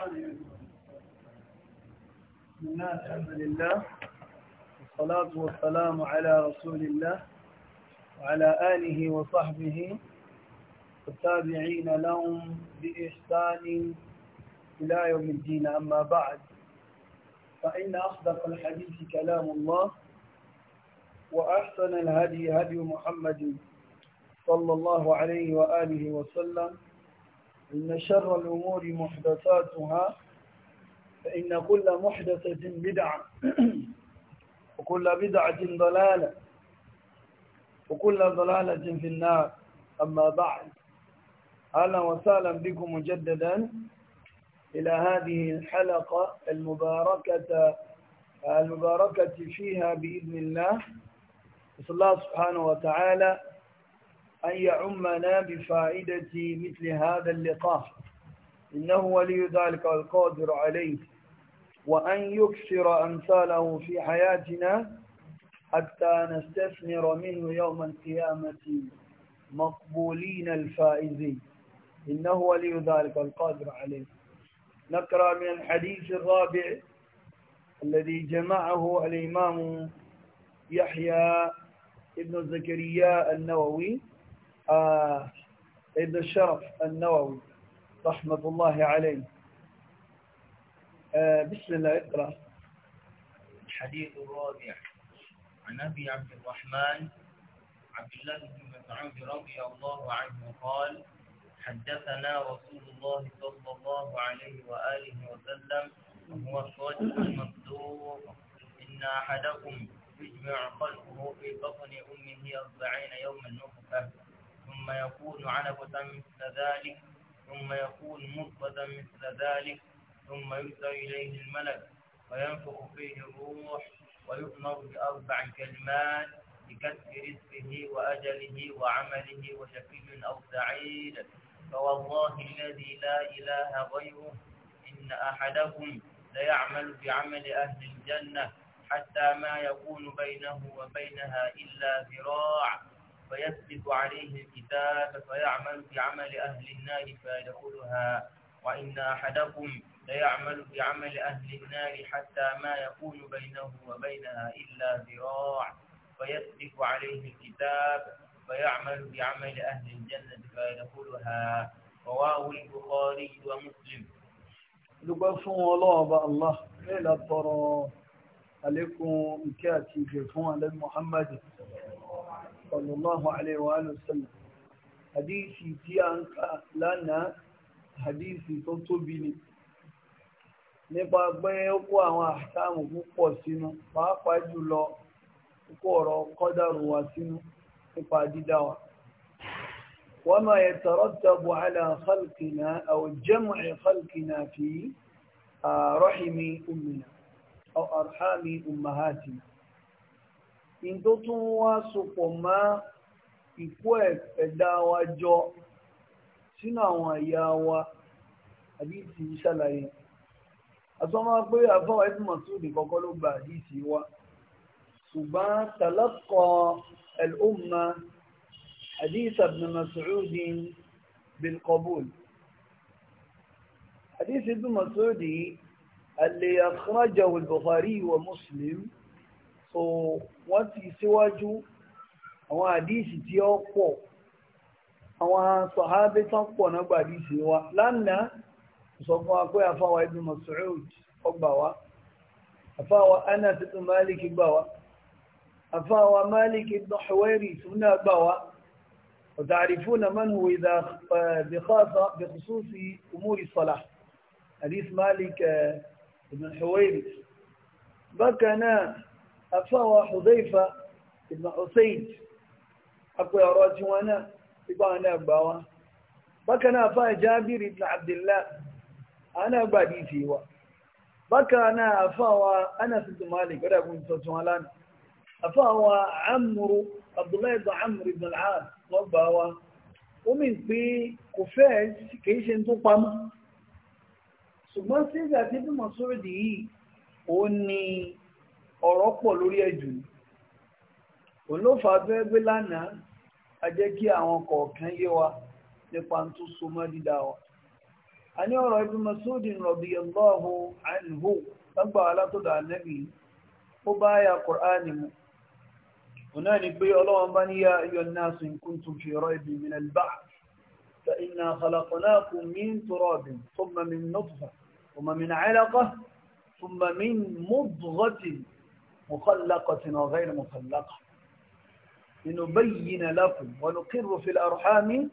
بسم الله الحمد لله والصلاة والسلام على رسول الله وعلى آله وصحبه والتابعين لهم بإحسان إلى يوم الدين أما بعد فإن أصدق الحديث كلام الله وأحسن الهدي هدي محمد صلى الله عليه وآله وسلم إن شر الأمور محدثاتها فإن كل محدثة بدعة وكل بدعة ضلالة وكل ضلالة في النار أما بعد أهلا وسهلا بكم مجددا إلى هذه الحلقة المباركة المباركة فيها بإذن الله الله سبحانه وتعالى أن يعمنا بفائدة مثل هذا اللقاء إنه ولي ذلك القادر عليه وأن يكثر أمثاله في حياتنا حتى نستثمر منه يوم القيامة مقبولين الفائزين إنه ولي ذلك القادر عليه نقرأ من الحديث الرابع الذي جمعه الإمام يحيى ابن زكريا النووي آه ابن الشرف النووي رحمة الله عليه آه بسم الله اقرأ الحديث الرابع عن أبي عبد الرحمن عبد الله بن مسعود رضي الله عنه قال حدثنا رسول الله صلى الله عليه وآله وسلم وهو الصادق المصدوق إن أحدكم يجمع خلقه في بطن أمه أربعين يوما نطفة ثم يكون عنبة مثل ذلك ثم يكون مضغة مثل ذلك ثم يؤتى إليه الملك وينفخ فيه الروح ويؤمر بأربع كلمات لكسب رزقه وأجله وعمله وشفي أو سعيد فوالله الذي لا إله غيره إن أحدكم ليعمل بعمل أهل الجنة حتى ما يكون بينه وبينها إلا ذراع فيسبق عليه الكتاب فيعمل بعمل أهل النار فيدخلها وإن أحدكم ليعمل بعمل أهل النار حتى ما يكون بينه وبينها إلا ذراع فيسبق عليه الكتاب فيعمل بعمل أهل الجنة فيدخلها رواه البخاري ومسلم dúpẹ́ الله بالله إلى إيه allah عليكم كاتب àlékún ìkẹ́ sallallahu alaihi wa sallam hadisi tí a ń kà lánàá hadisi tó tóbi ni nípa pé ó kó àwọn àtàmù púpọ̀ sínú pàápàá jùlọ kó ọ̀rọ̀ wa sínú nípa dídá wa. وما يترتب على خلقنا أو جمع خلقنا في رحم أمنا أو أرحام أمهاتنا ní tó tún wá sopọ̀ mọ́ ìkó ẹ̀dá wa jọ sínú àwọn àyà wa àdìsí ṣàlàyé àtọ́mọ́ pé àfọwọ́ ẹ̀sìn mọ̀súùdì kọ́kọ́ ló gba àdìsí wa ṣùgbọ́n tàlọ́kọ̀ ẹ̀lọ́mà حديث ابن مسعود بالقبول حديث ابن مسعود اللي أخرجه البخاري ومسلم so wọ́n ti síwájú àwọn àdíìsì tí ó pọ̀ àwọn sọ̀hábé tán pọ̀ náà gba àdíìsì wa lánàá sọ fún wa pé àfáwà ibn Mas'ud ọgbà wa àfáwà Anas ibn Malik gbà wa àfáwà Malik ibn Huwairi tún náà gbà wa وتعرفون من هو إذا بخاصة بخصوص أمور الصلاة حديث مالك بن حويرث بكنا afáwọn Hudhayfa ibn Usayd apẹ ọ̀rọ̀ tí wọn náà ipá wọn náà gbà wá bákan náà afáwọn Jabir ibn Abdullah àwọn náà gbà dìtì wa bákan náà afáwọn Anas ibn Malik gbọ́dọ̀ kún tuntun wọn lánàá afáwọn Amru Abdullahi ibn Amr ibn al-As wọn gbà wá ó pé kò fẹ́ kìí ṣe tó pamọ́ ṣùgbọ́n sígbà tí bí mọ̀ sórí dìí ó ní ọ̀rọ̀ pọ̀ lórí ẹ̀jù òun ló fà á fẹ́ gbé lánàá a jẹ́ kí àwọn kọ̀ọ̀kan yé wa nípa tó so mọ́ dídá wa. a ní ọ̀rọ̀ Ibn Mas'ud radiyallahu anhu lágbà alátọ́dọ̀ ànábì ó bá ya Qur'ani mu òun náà ni pé ọlọ́wọ́n bá ní ya ayyuhan nasu in kuntum fi raybin min al-ba'th fa inna khalaqnakum min turabin thumma min nutfa thumma min 'alaqah thumma min mudghatin مخلقة وغير مخلقة لنبين لكم ونقر في الأرحام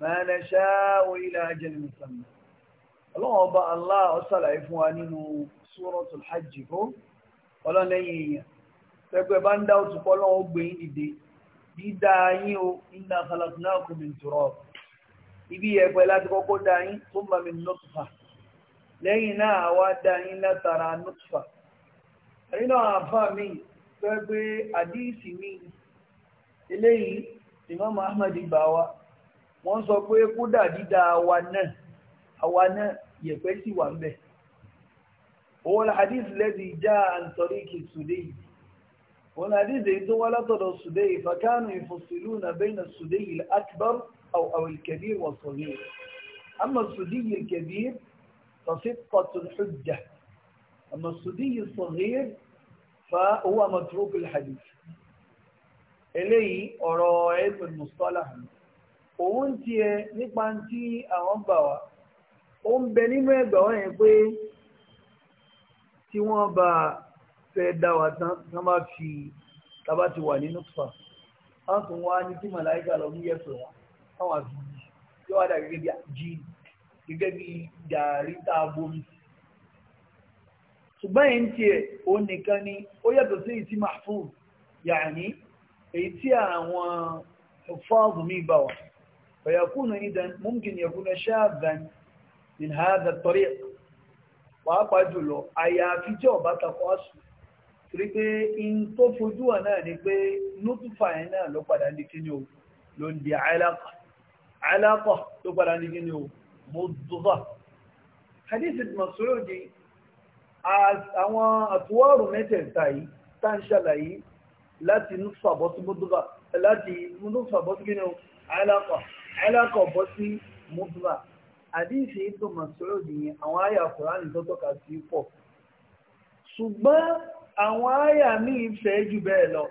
ما نشاء إلى أجل مسمى الله أبا الله أصل عفوانين سورة الحج ولا لين tẹ́gbẹ́ bá ń dá òtù pọ́ lọ́wọ́ gbé yín dìde dídá yín o inna khalaqnakum min turab ibi ẹ̀pẹ́ láti kọ́kọ́ dá yín thumma min nutfa lẹ́yìn náà àwa dá yín látara nutfa ẹ̀yìn náà àfà mi fẹ́ pé àdíìsì mi eléyìí Imam Ahmad gbà wá wọ́n sọ pé kódà dídá àwa náà àwa náà yẹ̀pẹ́ sì wà ń bẹ̀. òun la hadith lẹ́bi já àǹtọ̀rí kì sùdé yìí òun la hadith èyí tó wá látọ̀dọ̀ sùdé yìí fàkánù ìfòsìlú nà bẹ́yìnà sùdé yìí akbar أو الكبير والصغير أما الصدي الكبير فصدقة الحجة أما الصبي الصغير فهو متروك الحديث إليه أرى علم المصطلح òun ti ẹ nípa tí àwọn gbà wá ó ń bẹ nínú ẹgbà wọn yẹn pé tí wọ́n bá fẹ́ dá wa tán wọ́n bá fi tábà ti wà nínú fà wọ́n tún wá ní tí màláìka lọ mú yẹ̀pẹ̀ wá wọ́n wá yóò wá dà gẹ́gẹ́ bí jí tá a bomi ṣùgbọ́n èyí tí ẹ̀ o nìkan ni ó yàtọ̀ sí ìtí mahfuz yàní èyí tí àwọn fọ́ọ̀gù mi bá wà fẹ̀yàkúnù ìdán mumkin yakuna shadhan min hadha at-tariq pàápàá jùlọ àyàfi jẹ́ ọ̀bá takọ́ àṣù torí pé in tó fojú wà náà ni pé nútùfà ẹ̀ náà ló padà ní kíní o ló ń di àìlápà àìlápà tó padà ní kíní o mudghah hadith Mas'ud àwọn àtúwọ́rù mẹ́tẹ̀ẹ̀ta yìí tá ń ṣàlàyé láti nufa bọ́ sí mọ́dúbà láti nufa bọ́ sí gínú alákọ̀ alákọ̀ bọ́ sí mọ́dúbà àdíṣe tó màsúrò nìyẹn àwọn àyà kùránì tó tọ́ka sí pọ̀ ṣùgbọ́n àwọn àyà míì fẹ́ jù bẹ́ẹ̀ lọ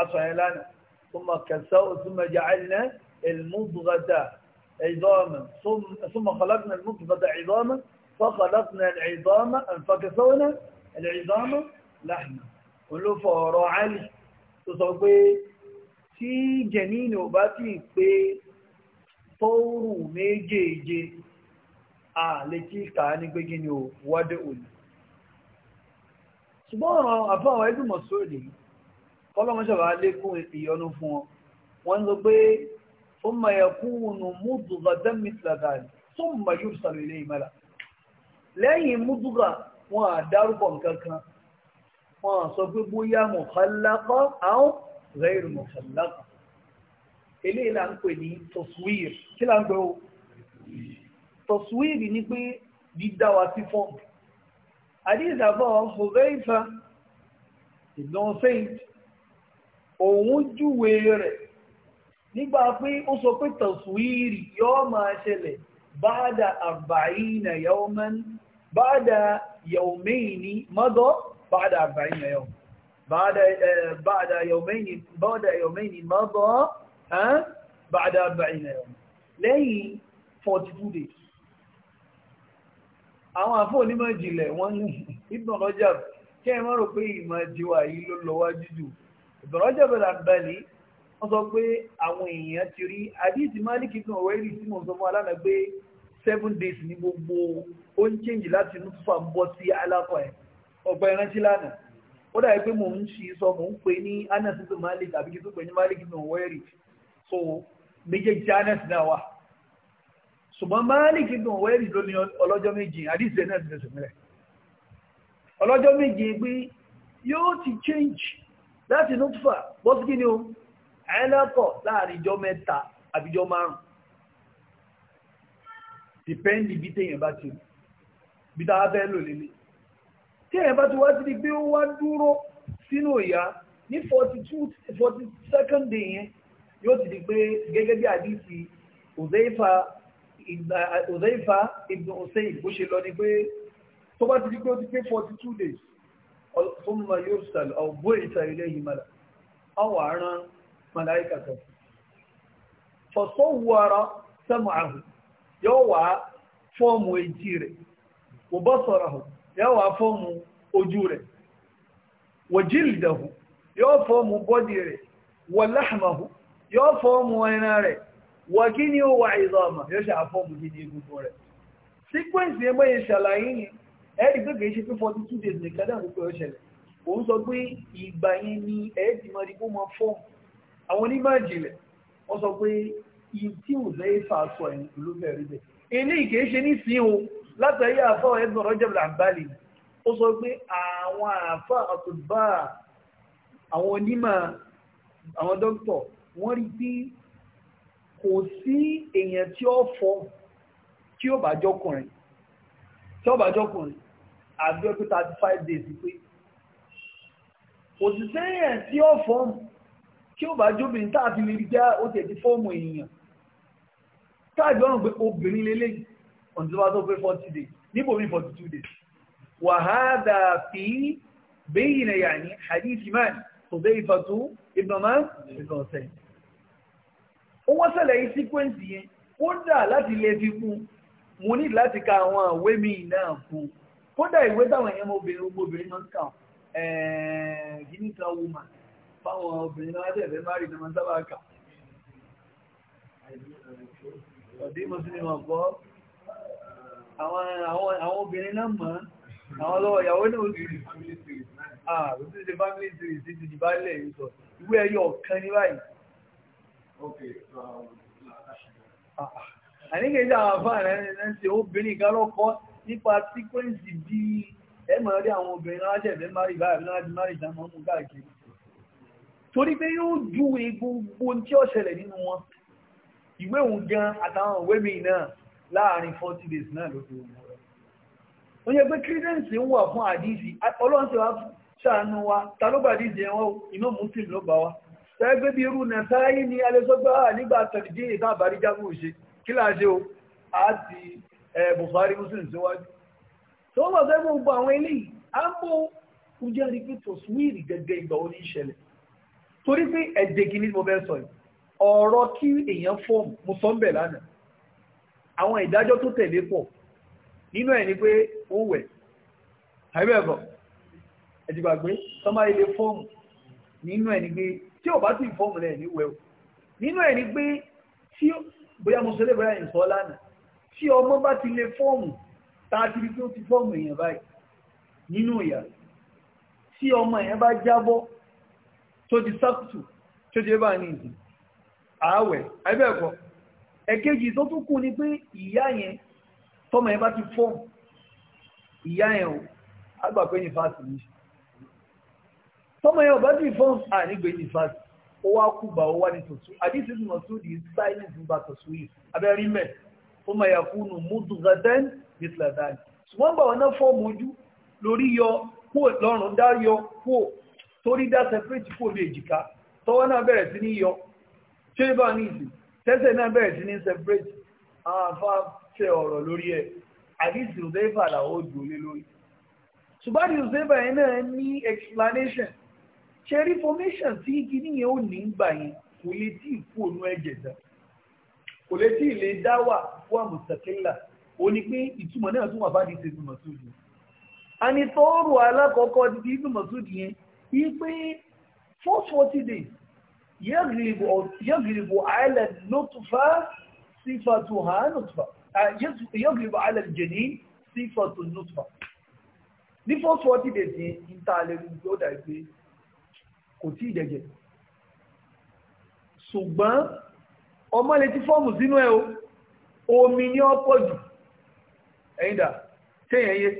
àtọ̀yìn lánàá tó mọ̀ kẹsàn ó tún àìlẹ́ المضغة عظاما ثم خلقنا المضغة عظاما فخلقنا العظام فكسونا العظام لحما olófọ̀ ọ̀rọ̀ alì tó sọ pé tí jẹ̀nínì ò bá tí pé fóòrù méjèèje a lè kí kà ní pé gíní ò wọ́dẹ̀ òní ṣùgbọ́n ọ̀rọ̀ àfáwọ̀ ẹgbùmọ̀ sóòlì kọlọ́mọ́sọ̀rọ̀ alékún ìyọnu fún wọn wọ́n sọ pé ó mọ̀ ẹ̀kún nù mú lẹ́yìn múdúgà wọn à dárúkọ nǹkan kan wọn à sọ pé bóyá mọ̀kálákọ́ àwọn rẹ́rù mọ̀kálákọ́ eléyìí là ń pè ní tọ̀sùwìrì kí là ń pè ó tọ̀sùwìrì ni pé dídá wa sí fọ́ọ̀mù àdíjàbọ̀ hùrẹ́ìfà ìlọ́sẹ̀yìn òun júwe rẹ̀ nígbà pé ó sọ pé tọ̀sùwìrì yóò máa ṣẹlẹ̀ báadà àbáyínà yawman بعد يومين مضى بعد أربعين يوم بعد بعد يومين بعد يومين مضى ها بعد أربعين يوم لي 42 days àwọn àfọ́ onímọ̀ ìjìnlẹ̀ wọ́n ní Ibn Rajab kí ẹ má rò pé ìmọ̀ ìjìwà yìí ló lọ́wọ́ jújù Ibn Rajab al-Hanbali wọ́n sọ pé àwọn èèyàn ti rí àdíìtì Malik ibn Uwairi tí mo sọ fún alámẹ́gbé seven days ni gbogbo ó ń change láti inú fífà ń bọ́ sí alákọ̀ ẹ̀ ọ̀pọ̀ ìrántí lánàá ó dàbí pé mò ń ṣe sọ mò ń pè ní anas tó malik àbí kí tó pè ní malik nù wẹ́rì so méjèèjì anas náà wà ṣùgbọ́n malik nù wẹ́rì ló ní ọlọ́jọ́ méje àdìsẹ́ náà ti fẹsẹ̀ mẹ́rẹ̀ ọlọ́jọ́ méje pé yóò ti change láti inú fífà bọ́sí kí ni o alákọ̀ láàrin ìjọ mẹ́ta àbíjọ márùn-ún dìpẹ́ndì bí téèyàn bá ti rù bí tá a fẹ́ lò lélẹ̀ téèyàn bá ti wá sí pé ó wá dúró sínú ìyá ní forty two forty second day yẹn yóò ti di pé gẹ́gẹ́ bí àdìsí òzèéfà òzèéfà ibn hussein lọ ni pé tó bá ti di pé ó ti pé forty two days ọ̀fọ́nmọ̀ yóò sàlọ̀ ọ̀bọ̀ ìta ilé ìmọ̀lá ọwọ̀ àrán màláìkà kan fọ̀sọ́wọ́ ara sẹ́mọ̀ àhùn yóò fọọmụ fọ́ọ̀mù etí rẹ̀ kò bọ́ sọ̀rọ̀ hù yóò wá fọ́ọ̀mù ojú rẹ̀ wàjílìdàhù yóò fọ́ọ̀mù bọ́dì rẹ̀ wàláhàmàhù yóò fọ́ọ̀mù ẹran rẹ̀ wà kí ni ó wà ìzọ́ọ̀mà yóò ṣe àfọ́ọ̀mù kí ni egungun rẹ̀ síkwẹ́ǹsì ẹgbẹ́ yẹn ṣàlàyé yẹn ẹ̀rí pé kìí ṣe pé forty two days nìkan náà nípa ó ṣẹlẹ̀ òun sọ pé ìgbà yẹn ni ẹ̀ẹ́dì máa máa fọ́ọ̀mù àwọn onímọ̀ ìjìnlẹ̀ wọ́n sọ pé tí ò lẹ́yìn fà sọ ẹ̀yìn ìlú bẹ̀rẹ̀ bẹ̀. ilé ìkèé ṣe ní sí o látàrí àfọ ẹgbẹ̀rún Rajab Al-Hanbali ó sọ pé àwọn àfọ àtúbà àwọn onímọ̀ àwọn dókítọ̀ wọ́n rí pé kò sí èèyàn tí ó fọ tí ó bá jọkùnrin tí ó bá jọkùnrin àbí ọdún thirty five days pé òṣìṣẹ́ èèyàn tí ó fọ́ tí ó bá jóbìnrin tá a lè rí já ó tẹ̀ ti fọ́ọ̀mù èèyàn táàgbé ọ̀rùn pé obìnrin lélẹ̀ ọ̀dọ́wà tó pé 40 days níbò mí 42 days wà á dà fi bẹ́yìn na yà ní hadith imam tó bẹ́ ìfàtú ìbọ̀mọ́ ìfọ̀ọ̀sẹ̀ ó wọ́n sẹ̀lẹ̀ yí síkwẹ́ǹsì yẹn kódà láti lè fi kún mo ní láti ka àwọn ìwé mi náà kún kódà ìwé táwọn èèyàn obìnrin obìnrin náà kà gíní kan woman fáwọn obìnrin náà tẹ̀lé márì náà sábà kà ọ̀dí mọ́sílìmọ̀ gbọ́ àwọn obìnrin náà mọ́ àwọn lọ́wọ́ ìyàwó náà sí ṣe family series sí ti jì bá lẹ̀ ìsọ̀ ìwé ẹyọ ọ̀kan um, ní báyìí àníkèjì àwọn àfáàrẹ ń ṣe obìnrin kan lọ́kọ́ nípa síkwẹ́ǹsì bí ẹmọ̀ rí àwọn obìnrin aláṣẹ̀fẹ́ márì báyìí láti márì ìdámọ́ mú káàkiri torí pé yóò ju egungun tí ó ṣẹlẹ̀ nínú wọn ìwé òun gan àtàwọn ìwé mi náà láàrin 40 days náà ló fi wọ́n rẹ̀. ó yẹ pé credence ń wà fún àdíìsì ọlọ́run ti wá ṣàánú wa ta ló gbà àdíìsì ẹ̀wọ̀n iná muslim ló bá wa tẹ́gbẹ́ bí irú nàìjíríà ní alẹ́sọ́gbà nígbà tẹ̀lẹ́dé ìta àbáríjágún òṣè kí láàṣẹ o àti Bukhari muslim síwájú tó wọ́n fẹ́ gbogbo àwọn eléyìí á ń bó ojú àrígbé tòṣùwìrì gẹ́gẹ́ ìgbà oníṣẹ̀lẹ̀ torí pé ẹ̀dẹ̀gì ni mo fẹ́ sọ yìí ọ̀rọ̀ kí èèyàn fọ́ọ̀mù mo sọ ń bẹ̀ lánàá àwọn ìdájọ́ tó tẹ̀lé pọ̀ nínú ẹ̀ ni pé ó wẹ̀ àìbẹ̀bọ̀ ẹ̀dìgbàgbé sọmá ilé fọ́ọ̀mù nínú ẹ̀ ni pé tí ò bá ti fọ́ọ̀mù rẹ̀ ní wẹ̀ nínú ẹ̀ ni pé tí bóyá mo sọlé bóyá ìsọ lánàá tí ọmọ bá ti lè fọ́ọ̀mù tá a ti rí pé ó ti fọ́ọ̀mù èèyàn báyìí nínú ìyá tí ọmọ èèyàn bá jábọ́ tó ti sákùtù tó ti bá ní ìsìn ààwẹ̀ ẹgbẹ́ẹ̀kọ́ ẹ̀kejì tó tún kù ni pé ìyá yẹn tọ́mọ yẹn bá ti fọ́n ìyá yẹn o àgbà pé ní fásitì ní tọ́mọ yẹn ò bá ti fọ́n ànígbé ní fásitì ó wá kú bá ó wá ní tòṣù àdìsí ní ọ̀ṣù di silence ń bá tòṣù yìí abẹ́rí mẹ́ ó máa yà fún un mútu gaden nítorí dáadáa ṣùgbọ́n bá wọn náà fọ́ mojú lórí yọ kó lọ́rùn dá yọ kó torí dá separate kó lè jìká tọ́wọ́ náà bẹ̀rẹ̀ sí ní yọ ṣé bá ní ìsìn tẹ́sẹ̀ náà bẹ̀rẹ̀ sí ní separate àwọn afá ṣe ọ̀rọ̀ lórí ẹ̀ àdìsí òṣèfà làwọn ò dùn lé lórí ṣùgbọ́n àdìsí òṣèfà yẹn náà ní explanation ṣe rí formation tí igi níyẹn ò ní gbà yẹn kò lè tí ì kú ònú ẹ̀jẹ̀ dá kò lè tí ì lè dá wà fún àmùsàkẹ́là ó ní pé ìtumọ̀ náà tún wà bá àdìsí ìtumọ̀ tó dùn àní tó rò alákọ̀ọ́kọ́ di ìtumọ̀ tó dùn yẹn wípé four forty days يغلب على النطفة صفتها نطفة يغلب على الجنين صفة النطفة ní first forty days yẹn ìntàlẹ́rù yóò dà pé kò tí ì dẹ̀jẹ̀ ṣùgbọ́n ọmọ lè ti fọ́ọ̀mù sínú ẹ̀ o omi ni ó pọ̀ jù ẹ̀yìn dà tẹ́yìn ẹ̀yẹ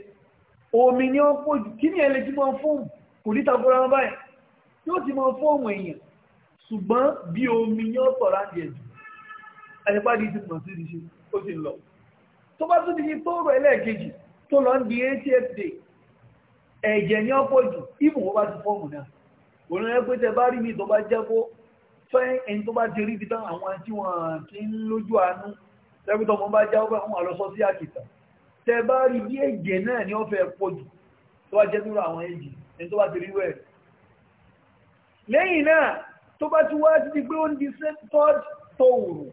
omi ni ó pọ̀ jù kí ni ẹ̀ lè ti máa fọ́ọ̀mù kò ní tàbí báyìí yóò ti máa fọ́ọ̀mù èèyàn ṣùgbọ́n bí omi yán sọ̀rọ̀ àjẹ́ jù ẹ̀yẹ́pàdé ti pọ̀ sí ìṣe ó sì lọ tó bá tún ti ṣe tó rọ̀ ẹlẹ́ẹ̀kejì tó lọ ń di eightieth day ẹ̀jẹ̀ ní ọ̀pọ̀ jù ìmù wọ́n bá ti fọ́ọ̀mù náà òun rẹ̀ pé tẹ bá rí mi tó bá jẹ́ kó fẹ́ ẹni tó bá ti rí ibi tán àwọn tí wọ́n ti ń lójú àánú tẹ́bí tọmọ bá jáwọ́ pé àwọn àlọ́sọ sí àkìtà tẹ bá rí bí ẹ̀jẹ̀ náà ní ọ̀fẹ́ pọ̀ jù tó bá ti wá ti di pé ó ń di third eh, tóòrù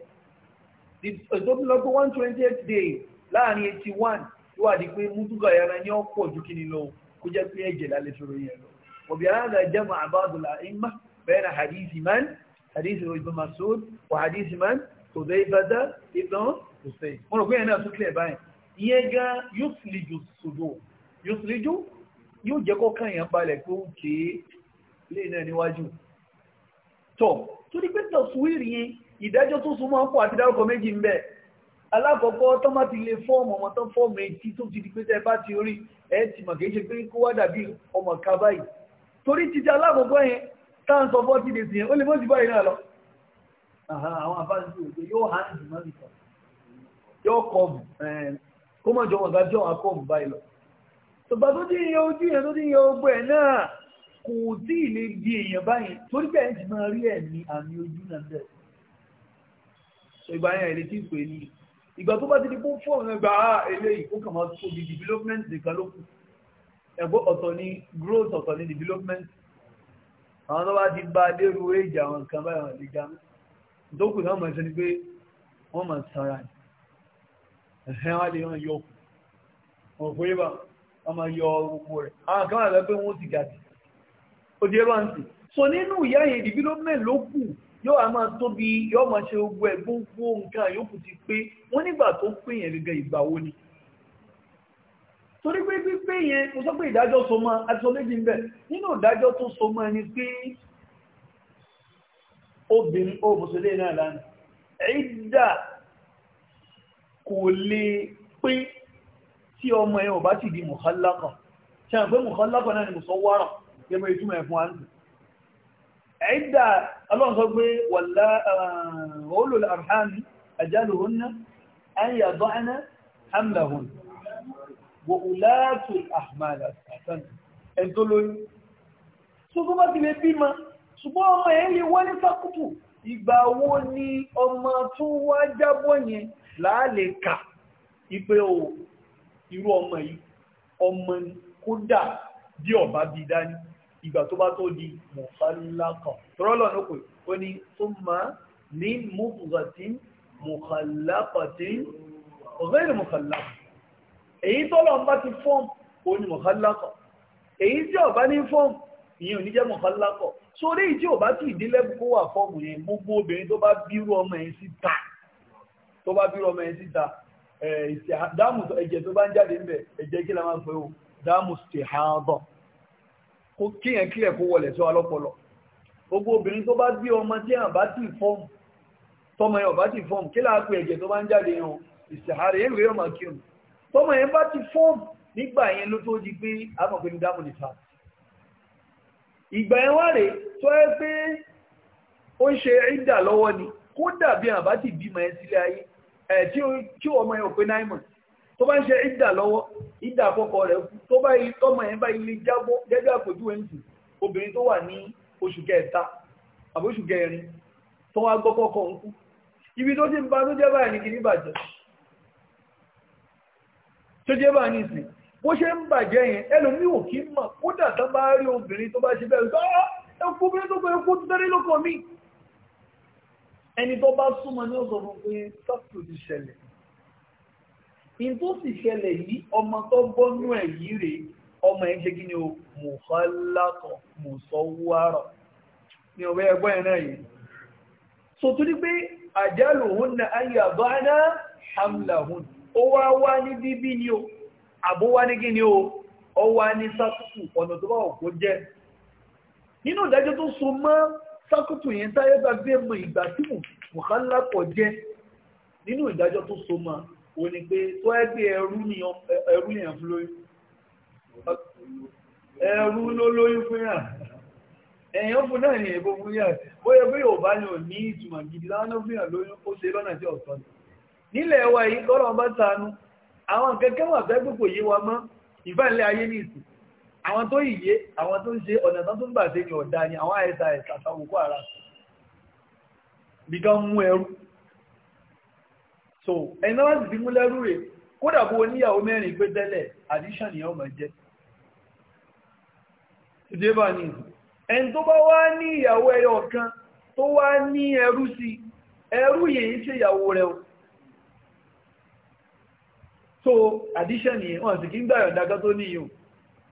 ìdókòlọ́gbọ́ one twenty eight day láàrin eighty one tó wà di pé mútúgà yàrá ni ó pọ̀ ju kíni lọ kó jẹ́ pé ẹ̀jẹ̀ lálẹ́ sọ̀rọ̀ yẹn lọ òbí alága jẹ́mọ̀ àbádùlà ìmá bẹ́ẹ̀ na hadithi man hadithi ibn Mas'ud wa hadithi man tó bẹ́ẹ̀ bàtà ìtàn òsè mo rò pé yẹn náà tún clear báyìí ìyẹn gan yóò fìlìjù sòdò yóò fìlìjù yóò jẹ́ kó kàn yẹn balẹ̀ pé ó kéé lé náà níwájú tọ̀ tó ní pé tafsir yẹn ìdájọ́ tó súnmọ́ pọ̀ àti dárúkọ méjì ń bẹ alákọ̀ọ́kọ́ tó má ti lè fọ́ọ̀mù ọmọ tó fọ́ọ̀mù etí tó ti di pé tẹ́ bá ti orí ẹ ti mọ̀ kìí ṣe pé kó wá dàbí ọmọ ká báyìí torí títí alákọ̀ọ́kọ́ yẹn táwọn sọ fọ́ọ̀tì dèsì yẹn ó lè mọ́sí báyìí náà lọ. àwọn àbáṣe òjò yóò hàn jù mọ́ nìkan yóò kọ́ọ̀bù kó mọ̀ jọ wọn gájọ́ àkọ́ọ̀bù báyìí lọ. tòbá tó dín iye ojú yẹn tó dín iye ogbó ẹ̀ náà kò tí ì lè di èèyàn báyìí torí bẹ́ẹ̀ ti máa rí ẹ̀mí àmì ojú náà bẹ̀. ìgbà yẹn èlé tí ń pè ní ìgbà tó bá ti di fún fóònù ẹgbà ah, eléyìí ó kàn máa tó di development nìkan ló kù ẹ̀gbọ́n ọ̀tọ̀ ni growth ọ̀tọ̀ ni development àwọn tó bá ti bá dérú èjì àwọn nǹkan báyìí wọn lè ga ìdókù náà máa ṣe ni pé wọ́n máa sanra ẹ̀hẹ́ wọn lè yọ ọkùn ọ̀pọ̀ yẹ́ bá wọ́n máa yọ gbogbo rẹ̀ àwọn kan wà lọ pé wọ́n ti gàdì òdìyẹ bá ń sì so nínú ìyá yẹn development ló kù yóò a máa tóbi yóò máa ṣe ogun ẹ̀gbọ́n fún nǹkan yòókù ti pé wọ́n nígbà tó pé yẹn gẹ́gẹ́ ìgbà wo ni. torí pé pípé yẹn mo sọ pé ìdájọ́ so mọ́ aṣọ méjì ń bẹ nínú ìdájọ́ tó so mọ́ ẹni pé obìnrin ó mùsùlùmí náà lánàá ẹ̀dà kò lè pé tí ọmọ ẹ̀ ò bá ti di mùkálàkọ̀ ṣe àpé mùkálàkọ̀ náà ni mùsọ̀ wárọ̀ kí mọ́ ìtumọ̀ ẹ̀fún àǹtì ẹ̀dà ọlọ́run sọ pé wàlá olùlọ àrùhánì àjálùhún ayàbọ́ná hamlahun wòlátù àmàlà àtàn ẹ̀tọ́ lórí ṣùgbọ́n bá ti lè bímọ ṣùgbọ́n ọmọ ẹ̀ lè wọlé sákùtù ìgbà wo ni ọmọ tó wá jábọ́ yẹn láàlè kà ipe o irú ọmọ yìí ọmọ kódà bí ọba bí dání ìgbà tó bá tó di mùkàlákàn tọ́rọ́lọ̀ ní pé ó ní tó máa ní mùkùgàtí mùkàlákàtí ọ̀gẹ́rì mùkàlákà èyí tọ́lọ̀ bá ti fọ́m ó ní mùkàlákà èyí tí ọ̀bá ní fọ́m ìyẹn ò ní jẹ́ mùkàlákà sórí ìdí ọ̀bá tí ìdílẹ́bù kó wà fọ́ọ̀mù yẹn gbogbo obìnrin tó bá bírú ọmọ yẹn síta tó bá bírú ọmọ yẹn síta eh, dáàmù ẹ̀jẹ̀ tó bá ń jáde níbẹ̀ ẹ̀jẹ̀ kí la máa fẹ́ o dáàmù stihadọ̀ kó kíyàn kílẹ̀ kó wọlẹ̀ sí wa lọ́pọlọ gbogbo obìnrin tó bá bí ọmọ tí à bá ti fọ́ọ̀mù tọmọ yẹn bá ti fọ́ọ̀mù kí láàpẹ ẹ̀jẹ̀ tó bá ń jáde yẹn ìsàárẹ̀ yẹn lóyún máa kírun tọmọ yẹn bá ti fọ́ọ̀mù nígbà yẹn ló tó di pé amọ̀pẹ́ ní dáàmú nìta ìgbà yẹn wá rèé tó ẹ pé ó ń ṣe ìdà lọ́wọ́ ni kódà bí àbá ti bímọ ẹ sílé ayé ẹ̀ tí ọmọ yẹn ò pé náìmọ̀tì tó bá ń ṣe ìdà lọ́wọ́ ìdà àkọ́kọ́ rẹ̀ kú tó bá yìí tọ́mọ yẹn bá ilé jábọ́ gẹ́gẹ́ àpòjú ẹ̀ǹtì obìnrin tó wà ní oṣù kẹta àbí oṣù kẹrin tó wá gbọ́ kọ́kọ́ ń kú ibi tó ti ń ba tó jẹ́ báyìí ní kìíní bàjẹ́ tó jẹ́ báyìí ní ìsìn bó ṣe ń bàjẹ́ yẹn ẹlòmíì ò kí mọ̀ kódà tó bá rí obìnrin tó bá ṣe bẹ́ẹ̀ ah, ẹni tó bá súnmọ́ ní ọ̀sọ̀ fún pé sọ́ọ̀tù ti ṣẹlẹ̀ in tó sì ṣẹlẹ̀ yìí ọmọ tó gbọ́nú ẹ̀ yìí rèé ọmọ ẹ̀ ń ṣe kí ni o mùkọ́látọ̀ mùsọ̀wárọ̀ ni ọ̀wẹ́ ẹgbọ́n ẹ̀ náà yìí so tó ní pé àjálù òun na ayé àbáná hamlahun ó wá wá ní bíbí ni o àbó wá ní kí ni o ọ wá ní sákùtù ọ̀nà tó bá òkú jẹ́ nínú ìdájọ́ tó so mọ́ sákùtù yẹn táyé bá gbé mọ ìgbà tí mùkọ́látọ̀ jẹ́ nínú ìdájọ́ tó so mọ́ ó ní pé tó ẹgbẹ́ ẹrú ni ẹrú lèèyàn fún lóyún ẹrú ló lóyún fún yàn ẹ̀yàn fún náà ní èbó fún yàn ó yẹ pé Yorùbá ni ò ní ìtumọ̀ gidi láwọn náà fún yàn lóyún ó ṣe lọ́nà tí ọ̀tọ̀ ni nílẹ̀ wa yìí kọ́lọ̀ bá tanú àwọn kẹ́kẹ́ wà fẹ́ gbogbo yé wa mọ́ ìfẹ́lẹ̀ ayé ní ìsìn àwọn tó yìí àwọn tó ń ṣe ọ̀nà tó ń bà ṣe ní ọ̀dá ni àwọn àìsà ẹ̀sà sáwòkó ara bìkan mú ẹrú so ẹni náà sì fi mú lẹ́rú rẹ̀ kódà bó oníyàwó mẹ́rin gbé tẹ́lẹ̀ addition yẹn ó máa jẹ́ ìdí bá ní ìsìn ẹni tó bá wá ní ìyàwó ẹyọ kan tó wá ní ẹrú sí ẹrú yìí ṣe ìyàwó rẹ̀ o so addition yẹn wọ́n sì kí ń gbà yọ̀ǹda kan tó níyìí o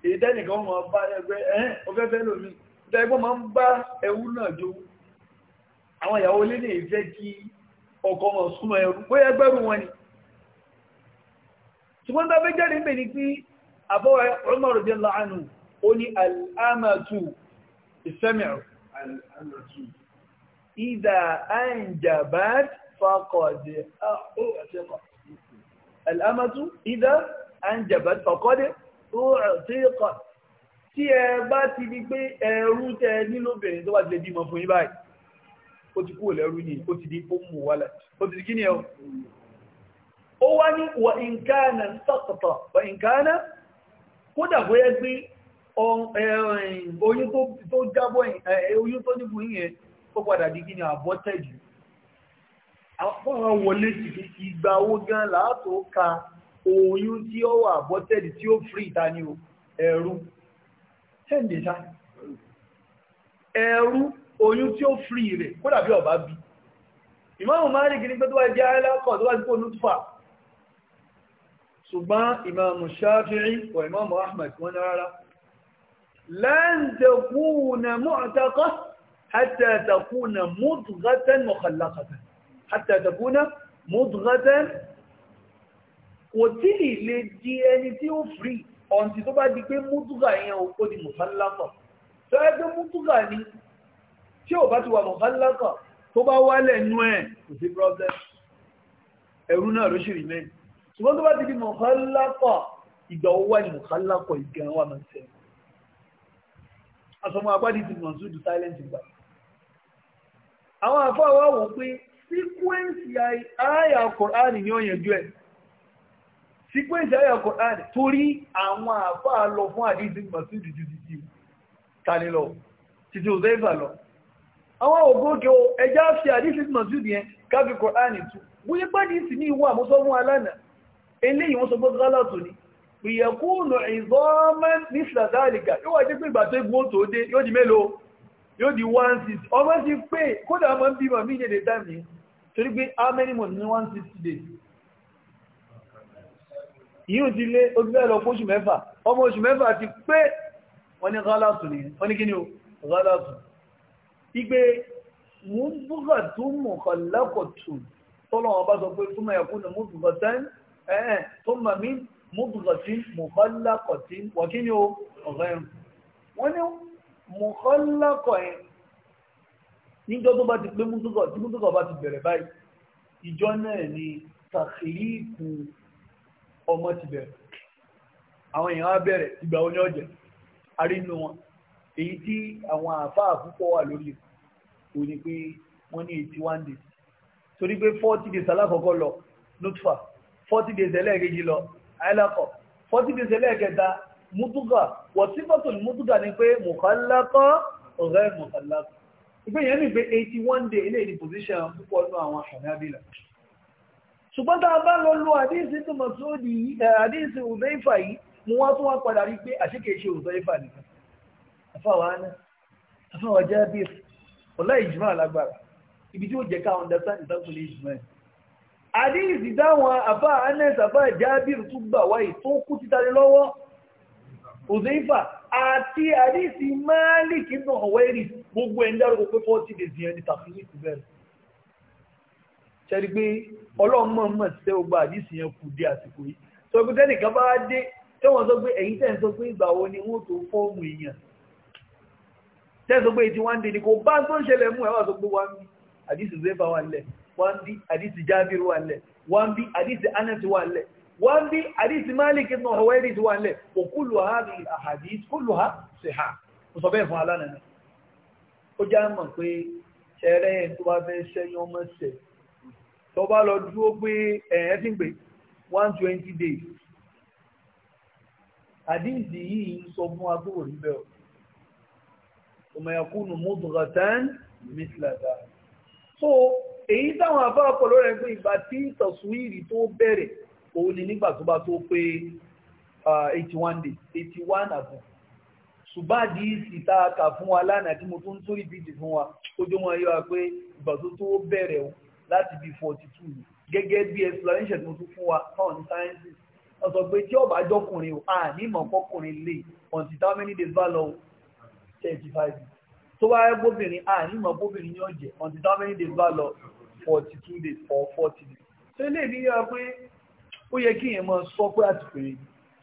èyí tẹ́nìkan wọn bá ẹgbẹ́ ẹ̀hẹ́n ọfẹ́fẹ́ lómi tẹ́gbọ́n máa ń bá ẹwú náà jó àwọn ìyàwó lé ní ìfẹ́ kí ọkọ̀ wọn súnmọ́ ẹrú bóyá ẹgbẹ́rún wọn ni ṣùgbọ́n tó fẹ́ jáde ń bè ní pí àbọ́wà Umar radiyallahu anhu ó ní al'amatu ìsẹ́mìrù al'amatu ìdá anjabat faqad ah, al'amatu ìdá ó ti kúrò lẹ́rú ní ó ti di ummu walad ó ti di kíni ẹ̀ ó wá ní wà ìǹkáànà sọ́tọ̀tọ̀ wà ìǹkáànà kódà bó yẹ pé oyún tó jábọ́ eh, oyún tó níbu yìnyẹn ó padà di kíni àbọ́tẹ̀jù ẹ̀rú oyún tí ó fìrí rẹ̀ kó dàbí ọ̀bá bí ìmáàmù Malik ní pé tó wá jẹ́ alákọ̀ tó wá sí kó nútùfà ṣùgbọ́n ìmáàmù Shafi'i wà ìmáàmù Ahmad wọ́n ní rárá lan takuna mu'taqa hatta takuna mudghatan mukhallaqatan hatta takuna mudghatan kò tí ì tí ò bá ti wà mọ̀kánlákọ̀ tó bá wálẹ̀ nú ẹ̀ kò sí problem ẹ̀rú náà ló ṣì rí mẹ́rin ṣùgbọ́n tó bá ti di mọ̀kánlákọ̀ ìgbà ó wà ní mọ̀kánlákọ̀ ìgbà wà máa ń sẹ́ àsọmọ agbádìí ti mọ̀ sódù silent ìgbà àwọn àfọwọ́ wò pé síkwẹ́ǹsì àyà Kùránì ni ó yanjú ẹ̀ síkwẹ́ǹsì àyà Kùránì torí àwọn àfáà lọ fún àdíjì mọ̀ sí ìdíjú títí tani lọ títí òzẹ́fà lọ àwọn ògbóge ẹjá fi àdíṣìí mọ̀sílì yẹn káfí kọ̀ránì tú bóyí pàdé sí ní ìwà àmúsọ́ mú alánà eléyìí wọ́n sọ gbọ́dọ̀ lálàtò ní ìyẹ̀kúnù ìzọ́mẹ́ ní sàdáàlìkà yóò wá jẹ́ pé ìgbà tó gbó tó dé yóò di mélòó yóò di 160 ní èdè ní 160 days yíò ti wọ́n ní gálàtò ní wọ́n ní kí ni igbe múbùgà tó mọ̀kà lákọ̀tù tọ́lọ̀ wọn bá sọ pé túmọ̀ ẹ̀kú eh, eh, ni múbùgà tán ẹ̀ẹ́ tó mọ̀ mí múbùgà tí mọ̀kà lákọ̀tì wọ́kí ni ó ọ̀rẹ́ ẹ̀ wọ́n ní mọ̀kà lákọ̀ ẹ̀ níjọ́ tó bá ti pé múbùgà tí múbùgà bá ti bẹ̀rẹ̀ báyìí ìjọ náà ni tàkìlíìkù ọmọ ti bẹ̀rẹ̀ àwọn èèyàn á bẹ̀rẹ̀ ìgbà oní ọ̀jẹ̀ arínú wọn èyí tí àwọn àáfàá púpọ̀ wà lórí ikú ó ní pé wọ́n ní eighty one days torí pé forty days alákọ̀ọ́kọ́ lọ nutfa forty days ẹlẹ́ẹ̀kejì lọ alákọ̀ forty days ẹlẹ́ẹ̀kẹta mutuga wọ̀sífọ́tò mutuga ni pé mùkállákọ́ ọ̀rẹ́ mùkállákọ́ ìgbé yẹn ní pé eighty one day ilé ìdí position púpọ̀ nù àwọn àṣàmì ṣùgbọ́n tá a bá lọ lo àdíìsì tó mọ̀ tó ìfà yìí mo wá tún wá padà rí pé àṣíkèṣe òzẹ́ ìfà nìkan àfàwà ana àfàwà jábìrì ọ̀lá ìjùmọ̀ alágbára ibi tí ó jẹ́ ká understand ìtàkùnlé ìjùmọ̀ ẹ̀ àdíyìsì dáwọn àfá anẹ́sì àfá jábìrì tó gbà wáyé tó kú títàrí lọ́wọ́ òzèífà àti àdíyìsì máàlìkì náà wẹ́rì gbogbo ẹ̀ ni tàfíní ti bẹ̀rẹ̀ ṣẹ́rí pé ọlọ́mọ̀ọ́mọ̀ tẹ́ ó gba àdíyìsì yẹn kù dé àsìkò yìí sọ pé tẹ́nìkan bá dé ni tẹ́sọ pé ti wọ́n dì ní kò bá tó ń ṣẹlẹ̀ mú ẹwà tó pé wọ́n bí àdísì zefa wà lẹ̀ wọ́n bí àdísì jábìrì wà lẹ̀ wọ́n bí àdísì anas wà lẹ̀ wọ́n bí àdísì malik ibn huwaydis wà lẹ̀ kò ha bí àhàdís kúlù ha sì ha sọ bẹ́ẹ̀ fún alánàá ó já mọ̀ pé ṣẹrẹ́ ẹ̀ tó bá fẹ́ ṣẹ́yìn ọmọ ṣẹ̀ tó bá lọ dúró pé ẹ̀ẹ́ ti ń pè one twenty days àdísì yìí sọ fún agbóhùn níbẹ̀ o ọmọ يكون مضغة مثل dhalik so èyí táwọn àbá ọpọlọ rẹ̀ pé ìgbà tí tọ̀sùwìrì tó bẹ̀rẹ̀ òun ni nígbà tó bá tó pé 81 days 81 àbọ̀ ṣùgbọ́n àdíyìsí tá a kà fún wa lánàá tí mo tún tún ìbíjì fún wa ojú wọn yọ pé ìgbà tó tó bẹ̀rẹ̀ o láti bí 42 gẹ́gẹ́ bí explanation tí mo tún fún wa náà ní sciences wọ́n sọ pé tí ọba jọkùnrin o àní ìmọ̀ lè until how many days bá lọ thirty five tó bá yẹ bóbìnrin à nímọ̀ bóbìnrin ní ọ̀jẹ̀ until how many days bá lọ forty two days or forty days ṣé lè ní yára pé ó yẹ kí èèyàn máa sọ pé àtìpé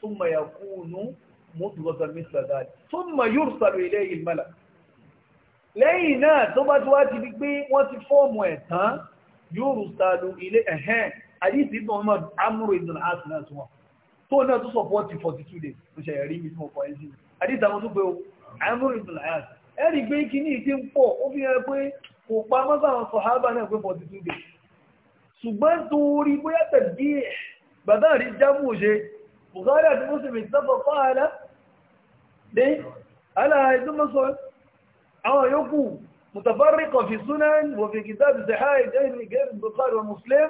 tó mọ̀ yà kú nù mú tó lọ́sọ̀ mí sàdá tó mọ̀ yóò sàrò ilé yìí mọ́lá lẹ́yìn náà tó bá ti wá ti di pé wọ́n ti fọ́ọ̀mù ẹ̀ tán yóò sàrò ilé ẹ̀hẹ́n àdìsí ìdùn ọmọ amúrò ìdùn àti náà tó wọn tó náà tó sọ forty forty two days ó ṣe ẹ̀rí mi fún ọkọ̀ ẹ̀ sí àdìsí àwọn tó àmúrù ìbìlàyà ẹ̀rì pé kí ní ìdí ń pọ̀ ó fi hàn pé kò pa mọ́sá àwọn sọ̀hábà náà pé forty two days ṣùgbọ́n torí bóyá tẹ̀dí ẹ̀ bàbá rí jámù ṣe Bukhari àti Muslim ìtọ́fọ̀ fáàlá dé aláàìdúnmọ́sọ àwọn yòókù mutafarriqa fi sunan wa fi kitab sahih ìjẹ́rin ìgẹ́rin Bukhari wa Muslim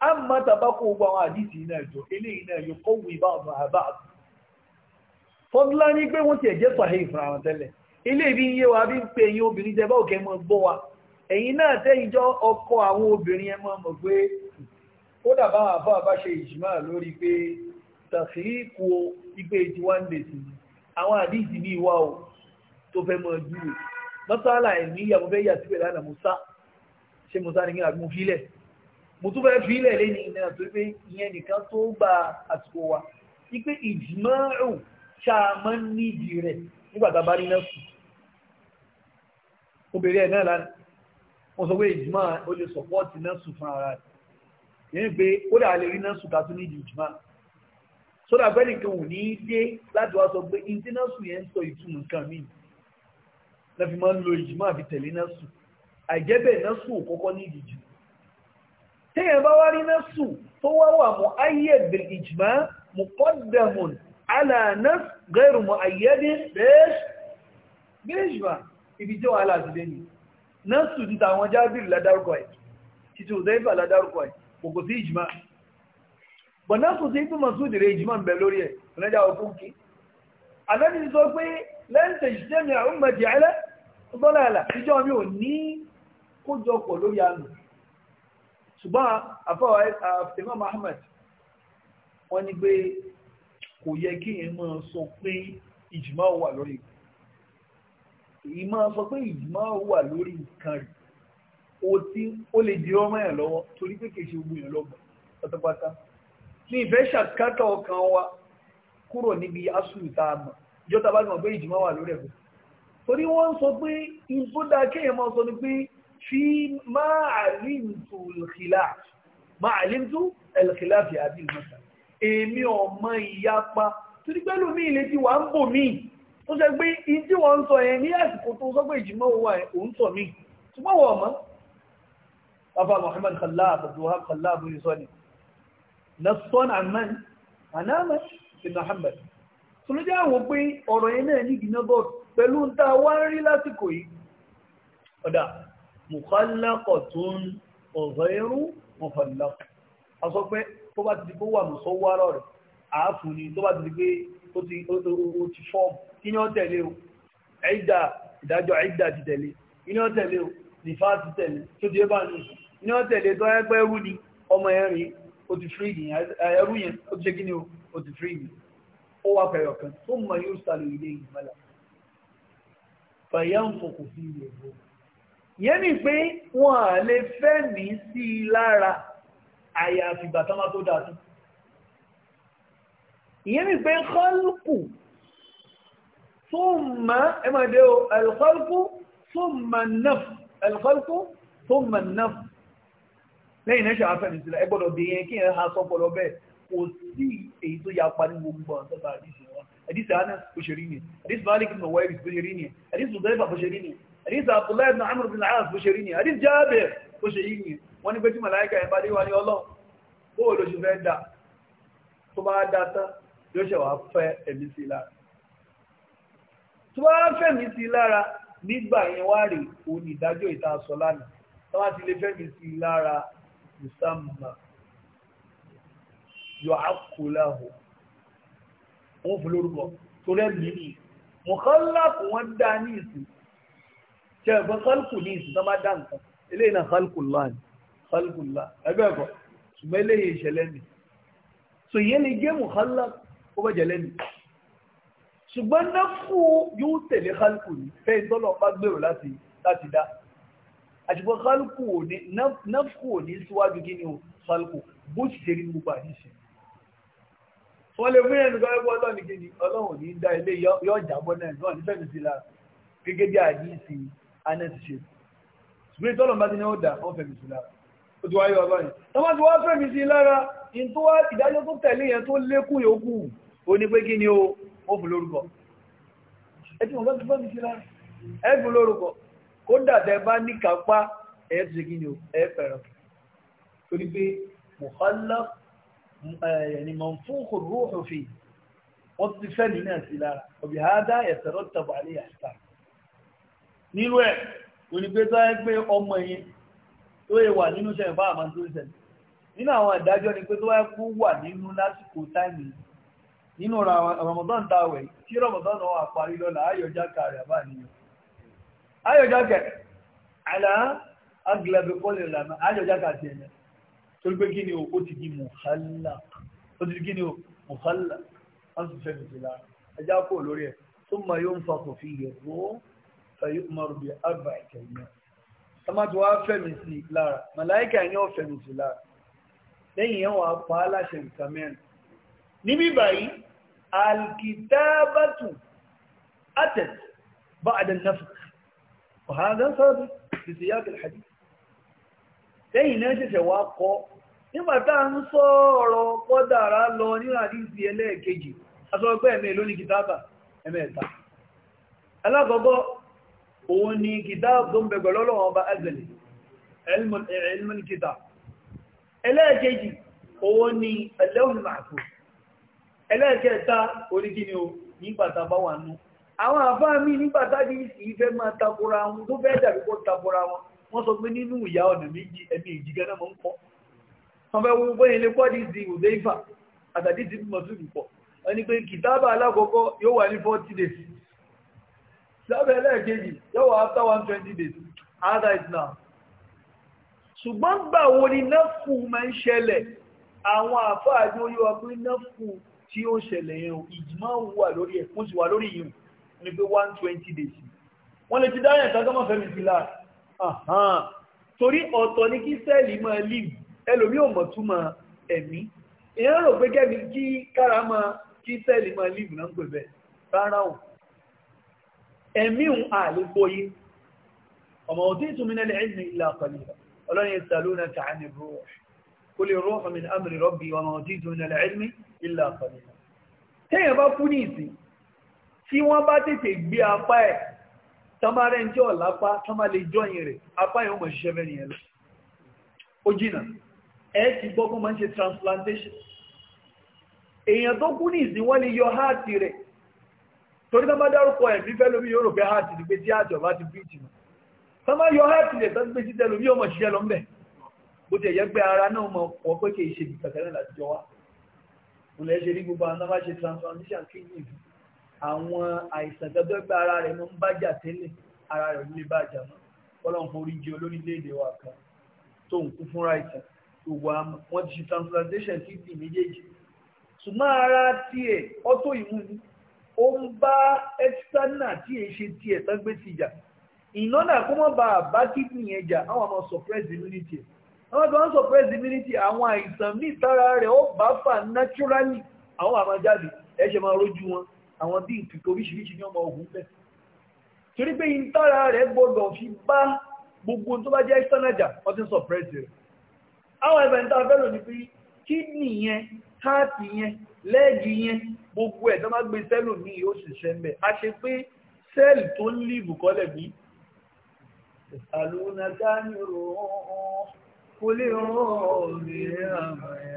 a mọ́ tàbá kó gbọ́ àwọn àdìsí náà jọ eléyìí náà yóò kó wù ìbá ọ̀nà àbá fọdúlá ní pé wọ́n ti ẹ̀jẹ̀ sàhẹ́ ìfúnra wọn tẹ́lẹ̀ ilé ìbí yé wa bí ń pe ẹ̀yin obìnrin jẹ bá òkè mọ́ gbọ́ wa ẹ̀yin náà tẹ́yìn jọ ọkọ àwọn obìnrin ẹ mọ́ mọ̀ pé ó dàbá àbá àbá ṣe ìjìmá lórí pé tàfíìkù ipe eighty one days ni àwọn àdìsí ní ìwà o tó fẹ́ mọ́ júwe mọ́sálà ẹ̀mí ìyàwó fẹ́ yà síbẹ̀ lánàá musa ṣé musa ni kí n àbí mo mo tún fẹ́ fi ilẹ̀ lẹ́ni ìlànà tó pé ìyẹn nìkan tó gba àsìkò wa ní pé ìjìmọ́rù ṣàmọ́ níbi rẹ̀ nígbàtà bá rí nẹ́sù obìnrin ẹ̀ náà lánàá wọ́n sọ pé ìjìmọ́ ó lè sọ̀pọ́ọ̀tì nẹ́sù fún ara rẹ̀ yẹn pé ó dà lè rí nẹ́sù ká tún níbi ìjìmọ́ sódà pé nìkan ò ní í dé láti wá sọ pé ìdí nẹ́sù yẹn ń sọ ìtumọ̀ nǹkan míì lẹ́fi máa ń lo ìjìmọ́ àfi tẹ̀lé nẹ́sù àìjẹ́bẹ̀ ò kọ́kọ́ níbi ìjìmọ́ téèyàn bá wá rí násù tó wá wà mu'ayyad bil ijma' muqaddamun ala nas ghayr mu'ayyad bil ijma ibi tí wà láàdúdé ni násù ti tàwọn jábìrì ládárúkọ ẹ̀ títí òzẹ́fà ládárúkọ ẹ̀ kòkò sí ijma bọ̀ násù ti ibn Mas'ud rẹ̀ ijma ń bẹ lórí ẹ̀ rẹ́jà òkúnkí kójọpọ̀ lórí àná ṣùgbọ́n àfọwọ́ Imam Ahmed wọ́n ní pé kò yẹ kí n máa sọ pé ìjìmọ̀ wà lórí ìmọ̀ sọ pé ìjìmọ̀ wà lórí nǹkan rẹ̀ o ti ó lè di ọmọ yẹn lọ́wọ́ torí pé kìí ṣe gbogbo yẹn lọ́gbọ̀n pátápátá ní ìfẹ́ ṣàkátà ọkàn wa kúrò níbi asùlù tá a mọ̀ ìjọ tá a bá mọ̀ pé ìjìmọ̀ wà lórí ẹ̀kọ́ torí wọ́n sọ pé ìfúdà kéèyàn máa sọ ni pé في ما علمت الخلاف ما علمت الخلاف في هذه المسألة èmi ọmọ ìyapa torí pẹ́lú mi ilé tí wà ń bò mí tó ṣe pé ìdí wọ́n ń sọ yẹn ní àsìkò tó sọ pé ìjìmọ́ owó ẹ̀ òun sọ mí ṣùgbọ́n wọ́n mọ́ bàbá Muhammad Khalaf abdullahi Khalaf ní sọ ni nasan anama bin Muhammad tó ló jẹ́ àwọn pé ọ̀rọ̀ yẹn náà ní ìdínà bọ́ọ̀lù pẹ̀lú ń ta wá ń rí mùkọ́lẹ́kọ̀tún ọ̀rọ̀ irú mọ̀kànlọ́kọ̀. a sọ pé tó bá ti di pé wà mùsọ wárọ̀ rẹ̀ àáfù ni tó bá ti di pé ó ti fọ́ kí ni ó tẹ̀lé o ẹ̀dà ìdájọ́ ẹ̀dà ti tẹ̀lé kí ni ó tẹ̀lé o nìfà ti tẹ̀lé tó di ébà nù kí ni tẹ̀lé tó ẹ ẹrú ni ọmọ ẹ̀rin ó ti fírí yìí ẹrú yẹn ó ti ṣe kí ni o ti fírí yìí ó wà fẹ̀yọ̀ kan tó mọ̀ yóò sàlù ilé ìgbàlà fẹ̀yà ń fòkù sí ilé ìgbòho yẹn ni pé wọn à lè fẹ́ mi sí i lára àyàfi ìgbà tán máa tó dáa tún ìyẹn ni pé kọ́lùkù thumma ẹ máa dé o al-khalqu thumma an-nafs al-khalqu thumma an-nafs lẹ́yìn náà ṣàfẹ́ ní sílẹ̀ ẹgbọ́dọ̀ bí yẹn kí ẹ ha sọ́pọ̀ bẹ́ẹ̀ kò sí èyí tó yapa ní gbogbo ọ̀sọ́ta àdìsí wọn àdìsí àánà bó ṣe rí ni àdìsí malik ibn wairis bó ṣe rí ni àdìsí mudaifa bó ṣe rí ni àdíṣà abdullahi ibn amr bin al-as bó ṣe rí ni àdíṣà jábẹ̀ bó ṣe yìí ni wọ́n ní pé tí màláìka ẹ̀ bá dé wá ní ọlọ́run bó o ló ṣe fẹ́ dà tó bá dá tán yóò ṣe wá fẹ́ ẹ̀mí sí lára tó bá fẹ̀mí sí lára nígbà yẹn wá rè òun ìdájọ́ ìta sọ lánàá tó bá ti lè sí lára musamman yóò á wọn fún lórúkọ torí ẹ̀mí ni mọ̀kànlá kò wọ́n dá ní ìsìn ṣe ẹ̀gbọ́n kọ́lùkù ní ìsìn tó bá dá nǹkan eléyìí náà kọ́lùkù láàánì kọ́lùkù láà ẹgbẹ́ ẹ̀kọ́ ṣùgbọ́n eléyìí ìṣẹ̀lẹ̀ nì so ìyẹn ni géèmù kọ́lá ó bẹ̀ jẹ̀lẹ̀ nì ṣùgbọ́n náfù yóò tẹ̀lé kọ́lùkù ní fẹ́ ìtọ́lọ̀ bá gbèrò láti láti dá àṣùgbọ́n kọ́lùkù ò ní náfù ò ní síwájú kí ni o kọ́lùkù bó ti ṣe rí gbogbo àdìsẹ́ wọ́n lè fún ẹnìkan ẹgbẹ́ ọlọ́ọ̀nì kí ni ọlọ́run ní dá ilé yọjà bọ́ náà ní fẹ́mi sí la gẹ́gẹ́ bí àdìsí anet ṣe ṣùgbọ́n ìtọ́lọ̀ bá ti ní ó dà ó fẹ̀mí sí lára ó ti wáyé ọba yẹn tó bá ti wá fẹ̀mí sí lára in tó wá ìdájọ́ tó tẹ̀lé yẹn tó lékún yòókù ó ní pé kí ni ó ó fún lórúkọ ẹ ti wọ́n bá ti fẹ̀mí sí lára ẹ fún lórúkọ kódà tẹ bá ní kápá ẹ ti ṣe kí ni ó ẹ fẹ̀ràn torí pé mùhálà ẹ̀yẹ̀ni mọ̀ fún nínú ẹ̀ onígbé tó ẹ́ pé ọmọ yẹn tó yẹ wà nínú ṣẹ̀yìn fáwọn àmọ́ tó ń nínú àwọn ìdájọ́ ni pé tó ẹ́ kú wà nínú lásìkò táìmì nínú Ramadan dáwẹ̀ tí Ramadan náà wà parí lọ́la ayọ̀já kàrẹ̀ àbá níyàn ayọ̀já kẹrẹ̀ àlá agilẹ̀bẹ̀ kọ́lẹ̀ lànà ayọ̀já kàtì ẹ̀yẹ torí pé gini o ti di mùhálà ti di o mùhálà wọ́n sì fàyè umaru bíi arba ìkẹyìn tọ́mátì wàá fẹ̀mí sí i lára màláìkà yẹn ò fẹ̀mí sí i lára lẹ́yìn yẹn wàá pa á láṣẹ nǹkan mẹ́rin níbí báyìí alkitabatu atet ba'da an-nafkh wa hadha sabit fi siyaq al-hadith lẹ́yìn náà ṣẹ̀ṣẹ̀ wá kọ́ nígbàtá ń sọ ọ̀rọ̀ kọ́dàrá lọ ní àdíjì ẹlẹ́ẹ̀kejì aṣọ́gbẹ́ ẹ̀mẹ́ lóní kìtàbà ẹ̀mẹ́ẹ̀ta alákọ̀ọ́gbọ́ òun ni kitab tó ń bẹ̀gbẹ̀ lọ́lọ́wọ́ ọba azali ilmul kitab ẹlẹ́ẹ̀kejì òun ni al-lawhul mahfuz ẹlẹ́ẹ̀kẹta orígini o nígbàtà bá wà nú àwọn àfá mi nígbàtà bí i ìfẹ́ máa takora wọn tó fẹ́ dàbí kó takora wọn wọ́n sọ pé nínú ìyá ọ̀nà méjì ẹ̀mí ìjìgẹ́ náà mọ́ ń pọ̀ wọ́n 40 days sábẹ̀ ẹlẹ́ẹ̀kejì yóò wá after one twenty days ada is now ṣùgbọ́n gbà wo ni nẹ́fù máa ń ṣẹlẹ̀ àwọn àfáà ní orí wa pé nẹ́fù tí ó ṣẹlẹ̀ yẹn ìjìmọ̀ wà lórí ẹ̀ kó sì wà lórí yìí ni pé one twenty days wọ́n lè ti dá yẹn tán kọ́mọ̀ fẹ́mi sí láà torí ọ̀tọ̀ ní kí sẹ́ẹ̀lì máa live ẹlòmí ò mọ̀ túmọ̀ ẹ̀mí èèyàn rò pé kẹ́mi kí kára máa kí sẹ́ẹ̀lì máa live náà ń pè bẹ́ẹ̀ rárá o ẹ̀míhùn àlégbóyí ọmọ òtí ìtùmínẹ́lẹ̀ ẹ̀mí ilá kọlìlá ọlọ́rin ìsàlúnà kàánì rúwà kú lè rọ́ọ̀fà mi amìrì rọ́bì ọmọ òtí ìtùmínẹ́lẹ̀ ẹ̀mí ilá kọlìlá tẹ́yẹ̀ bá kú ní ìsìn tí wọ́n bá tètè gbé apá ẹ̀ tamarẹ́ ń jẹ́ ọ̀lápá tamarẹ́ jọyìn rẹ̀ apá ẹ̀ ó mọ̀ ṣiṣẹ́ bẹ́ẹ̀ èèyàn tó kú ní ìsìn wọ́n yọ háàtì rẹ̀ torí tán bá dárúkọ ẹ̀mí fẹ́ lómi yóò rò pé háàtì ní pé tí àjọ bá ti bíríjì mọ̀ tán bá yọ háàtì lè tán gbé jíjẹ lómi yóò mọ̀ ṣiṣẹ́ lọ mbẹ̀ bó ti ẹ̀yẹ́ pé ara náà mọ̀ pọ̀ pé kì í ṣe bí kàkẹ́rẹ́ láti jọ wá òun lẹ́ ṣe rí gbogbo àwọn bá ṣe transplantation kidney àwọn àìsàn tó gbé ara rẹ̀ ń bájà tẹ́lẹ̀ ara rẹ̀ nílé bájà mọ́ ọlọ́run forí jẹ olórílẹ̀-èdè wa kan tó ń kú fúnra ṣùgbọ́n ara tiẹ̀ ọ́tọ̀ ìmúni ó ń bá external tí è ṣe tí ẹ̀ tán gbé sí ìjà ìnáná kó mọ́ bá bá kídìní yẹn jà àwọn ọmọ suppress immunity àwọn kan surprise immunity àwọn àìsàn ní ìtara rẹ̀ ó bá fà naturally àwọn àmọ́ jáde ẹ̀ ṣe máa rójú wọn àwọn bí nǹkan oríṣiríṣi ní ọmọ ogun bẹ́ẹ̀ torí pé ìtara rẹ̀ gbọdọ̀ fi bá gbogbo tó bá jẹ́ external jà wọ́n ti suppress rẹ̀ àwọn ẹ̀fẹ̀ ń ta pé kídìní yẹn heart yẹn lẹ́ẹ̀gì yẹn gbogbo ẹ̀ tó bá gbé sẹ́lù ní yóò sì sẹ́mbẹ̀ a ṣe pé sẹ́ẹ̀lì tó ń lìbù kọ́lẹ̀ bí àlùnàká ní rọ̀ọ́ kò lè rọ̀ọ́ lè àmà ẹ̀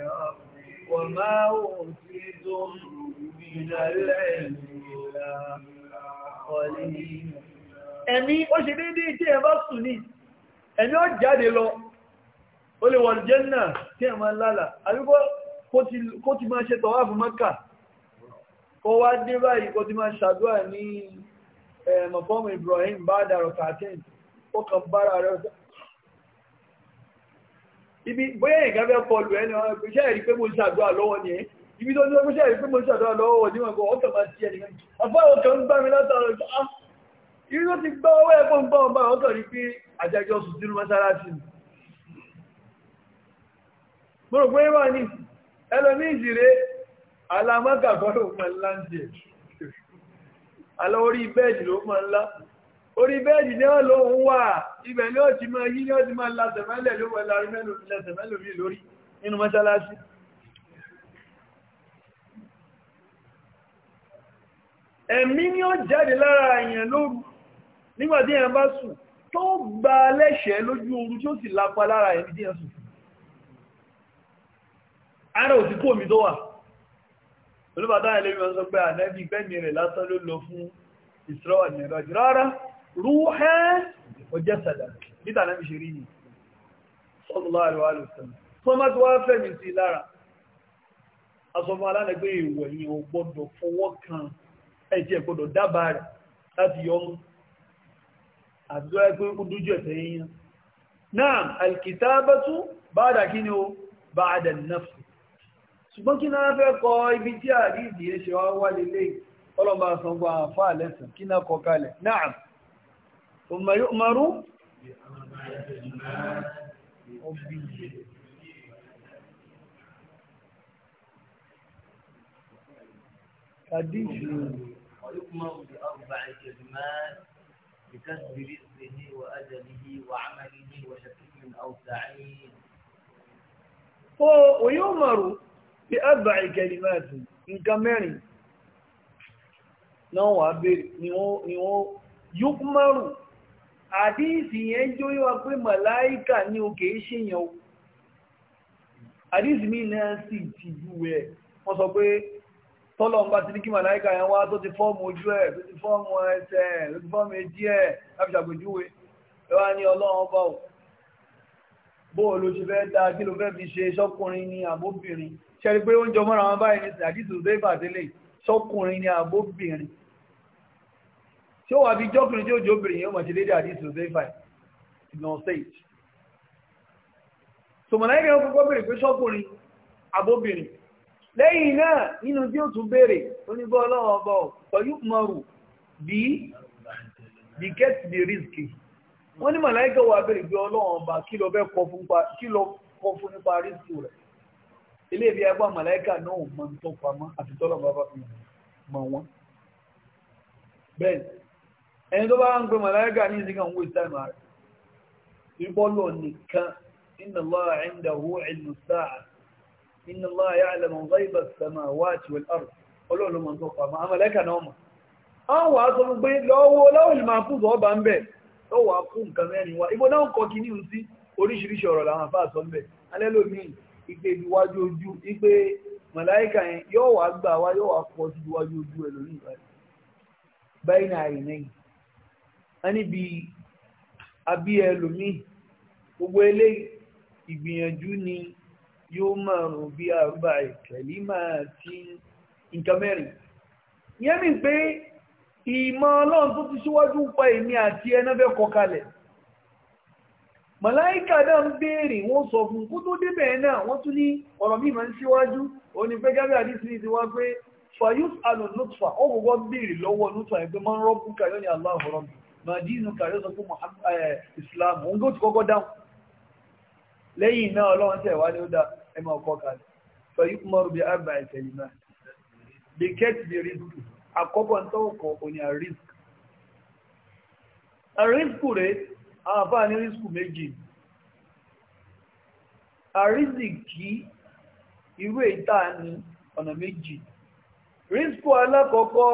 wọ́n máa ń ti tó ìdálẹ́ ìlà ọ̀lẹ́ ẹ̀mí ó ṣe déédéé tí ẹ bá sùn ní ẹ̀mí ó jáde lọ ó lè wọ̀n jẹ́ tí ẹ máa lálà àbíkọ́ kó ti máa ṣe tọ́wà fún mọ́kà kó wá dé báyìí kó ti máa ṣàdúrà ní mọ̀fọ́mù Ibrahim bá dàrọ̀ kàtín ó kàn bára rẹ̀ ibi bóyá ìgbàfẹ́ kọlù ẹni wọn pé ṣe ẹ̀rí pé mo ṣàdúrà lọ́wọ́ ni ẹ́ ibi tó ní ọmọ ṣe ẹ̀rí pé mo ṣàdúrà lọ́wọ́ ni wọn kọ ọkàn máa ah, ti ẹnìkan àbá ọkàn ń ah ibi tó ti gbá ọwọ́ ẹ̀kọ́ ń bá ọba ọkàn rí pé àjẹjọ sùn sínú mọ́ṣáláṣí mo rò pé wà ẹlòmí ìjìrè ala ló mọ ńlá ń jẹ alọ́ bẹ́ẹ̀dì ló nla ńlá orí bẹ́ẹ̀dì ní ọ̀ lóun wà ibẹ̀ ní ó ti yí ní ti mọ ńlá ló wọ lárí mẹ́lòmí lórí nínú mọ́ṣáláṣí ẹ̀mí ni ó jáde lára èèyàn lóru nígbàtí èèyàn bá gba lẹ́ṣẹ̀ẹ́ lójú oru ara ò ti kó omi tó wà olúbàdá ẹlẹ́bí wọn sọ pé ànẹ́bí gbẹ́mí rẹ̀ lásán ló lọ fún ìsọ́wà ní ẹ̀rọ jù rárá rúhẹ́ ọjẹ́ sàdà níta náà ṣe rí ní sallallahu alaihi wasallam tó má tó wá fẹ́mi sí lára asọ́mọ́ ṣùgbọ́n kí náà fẹ́ kọ ibi tí àríìdì yẹn ṣe wá lélẹ̀ ọlọ́ba sanwó àfá àlẹ́sàn kí náà kọ kalẹ̀ náà ọmọrú Kàdíṣì ويؤمر بأربع كلمات بكسب رزقه وأجله وعمله وشكل أو سعيد. ويؤمر bí àbà ìkẹlìmáàtì nǹkan mẹ́rin náà wà bèèrè ni wọ́n yókùmárù àdíìsì yẹn jó yíwa pé màláíkà ní òkè ṣèyàn àdíìsì mi náà sì ti ju ẹ̀ wọ́n sọ pé tọ́lọ̀ ń bá ti ní kí màláíkà yẹn wá tó ti fọ́ọ̀mù ojú ẹ̀ tó ti fọ́ọ̀mù ẹsẹ̀ tó ti fọ́ọ̀mù etí ẹ̀ láti ṣàpèjúwe ẹ wá ní ọlọ́run ọba ò bóòlù ti fẹ́ dáa kí ló fẹ́ fi ṣe sọ́kùnrin ni àbóbìnrin ṣẹ́rí pé oúnjẹ mọ́ra wọn báyìí ní àdísù zéfà délé sọ́kùnrin ni àbóbìnrin tí ó wà bí jọ́kùnrin tí ó jọ obìnrin yóò mọ̀ sí lédè àdísù zéfà ìgbọ̀n stage sọmọ̀lá ìrìn ó kọ́kọ́ béèrè pé sọ́kùnrin àbóbìnrin lẹ́yìn náà nínú tí ó tún béèrè oníbọ́ ọlọ́wọ́ ọba pẹ̀lú mọ̀rù bí bí kẹ́tì bí rìsìkì wọ́n ní mọ̀láìkà wà béèrè pé ọlọ́wọ́ ọba kí lọ kọ fún nípa rìsìkì rẹ̀ ilé ìfi ẹgbà malaika náà ò mọ tó pamọ́ àti tọ́lọ̀ bàbá fi mọ̀ wọ́n. bẹ́ẹ̀ ẹni tó bá ń pe màláìkà ní ìsìnkà ń wéṣẹ́ àmà rẹ̀ ìbọ́lọ̀ nìkan inna Allaha indahu sa'a inna Allaha ya'lamu ghaiba as-samawati wal ard ọlọ́run mọ̀ tó pamọ́ àmàláìkà náà mọ̀. àwọn wàá sọ pé lọ́wọ́ lọ́wọ́ ìlú máa ọba ń bẹ̀ lọ́wọ́ nǹkan mẹ́rin wa náà kọ́ kí ní ìgbé ìwájú ojú ìgbé màláìkà yẹn yóò wá gbà wá yóò wá pọ̀ sí ìwájú ojú ẹ̀ lórí ìbáyìí báyìí náà àyè náà yìí a níbi abí ẹlòmíì gbogbo eléyìí ìgbìyànjú ni yóò máa rùn bí àrùbà ìkẹ̀lí máa ti nǹkan mẹ́rin yẹ́mì pé ìmọ̀ ọlọ́run tó ti síwájú pa èmi àti ẹnẹ́fẹ́ kọkalẹ̀ màláìkà náà ń béèrè wọ́n sọ fún kó tó débẹ̀ náà wọ́n tún ní ọ̀rọ̀ míì máa ń síwájú ó ní pé gábíà ní sinmi ti wá pé fayus anu nutfa ó gbogbo béèrè lọ́wọ́ nutfa ẹgbẹ́ máa ń rọ́bù ní mi sọ fún eh, islam òun kọ́kọ́ dáhùn lẹ́yìn ọlọ́run tẹ̀ wá ní ó dá ẹ máa kọ́ kalẹ̀ fayus mọ́rù bí náà bí àwọn àfáà ní rísìkù méjì àrísìkì irú ìta ní ọ̀nà méjì rísìkù alákọ̀ọ́kọ́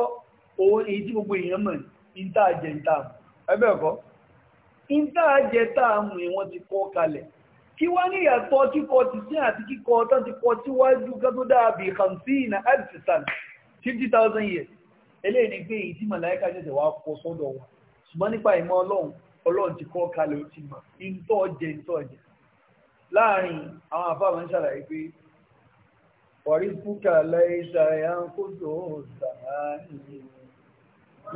òun èyí tí gbogbo èèyàn mọ̀ ìta àjẹ ìta àmù ẹgbẹ́ ẹ̀kọ́ ìta ti kọ́ kalẹ̀ kí wá ní ìyàtọ̀ kíkọ ti sí àti kíkọ tán ti kọ síwájú ká tó dáàbì 50,000 years eléyìí ni pé èyí tí màláíkà jẹ́jẹ̀ wá kọ sọ́dọ̀ wa ṣùgbọ́n nípa ìmọ̀ ọlọ́run ọlọ́run ti kọ́ kalẹ̀ ó ti mọ̀ ìtọ́ jẹ ìtọ́ jẹ láàrin àwọn àfáàmọ́ ń ṣàlàyé pé wàrí púkà lẹ́yìnṣà ẹ̀yà ń kó tó sàárì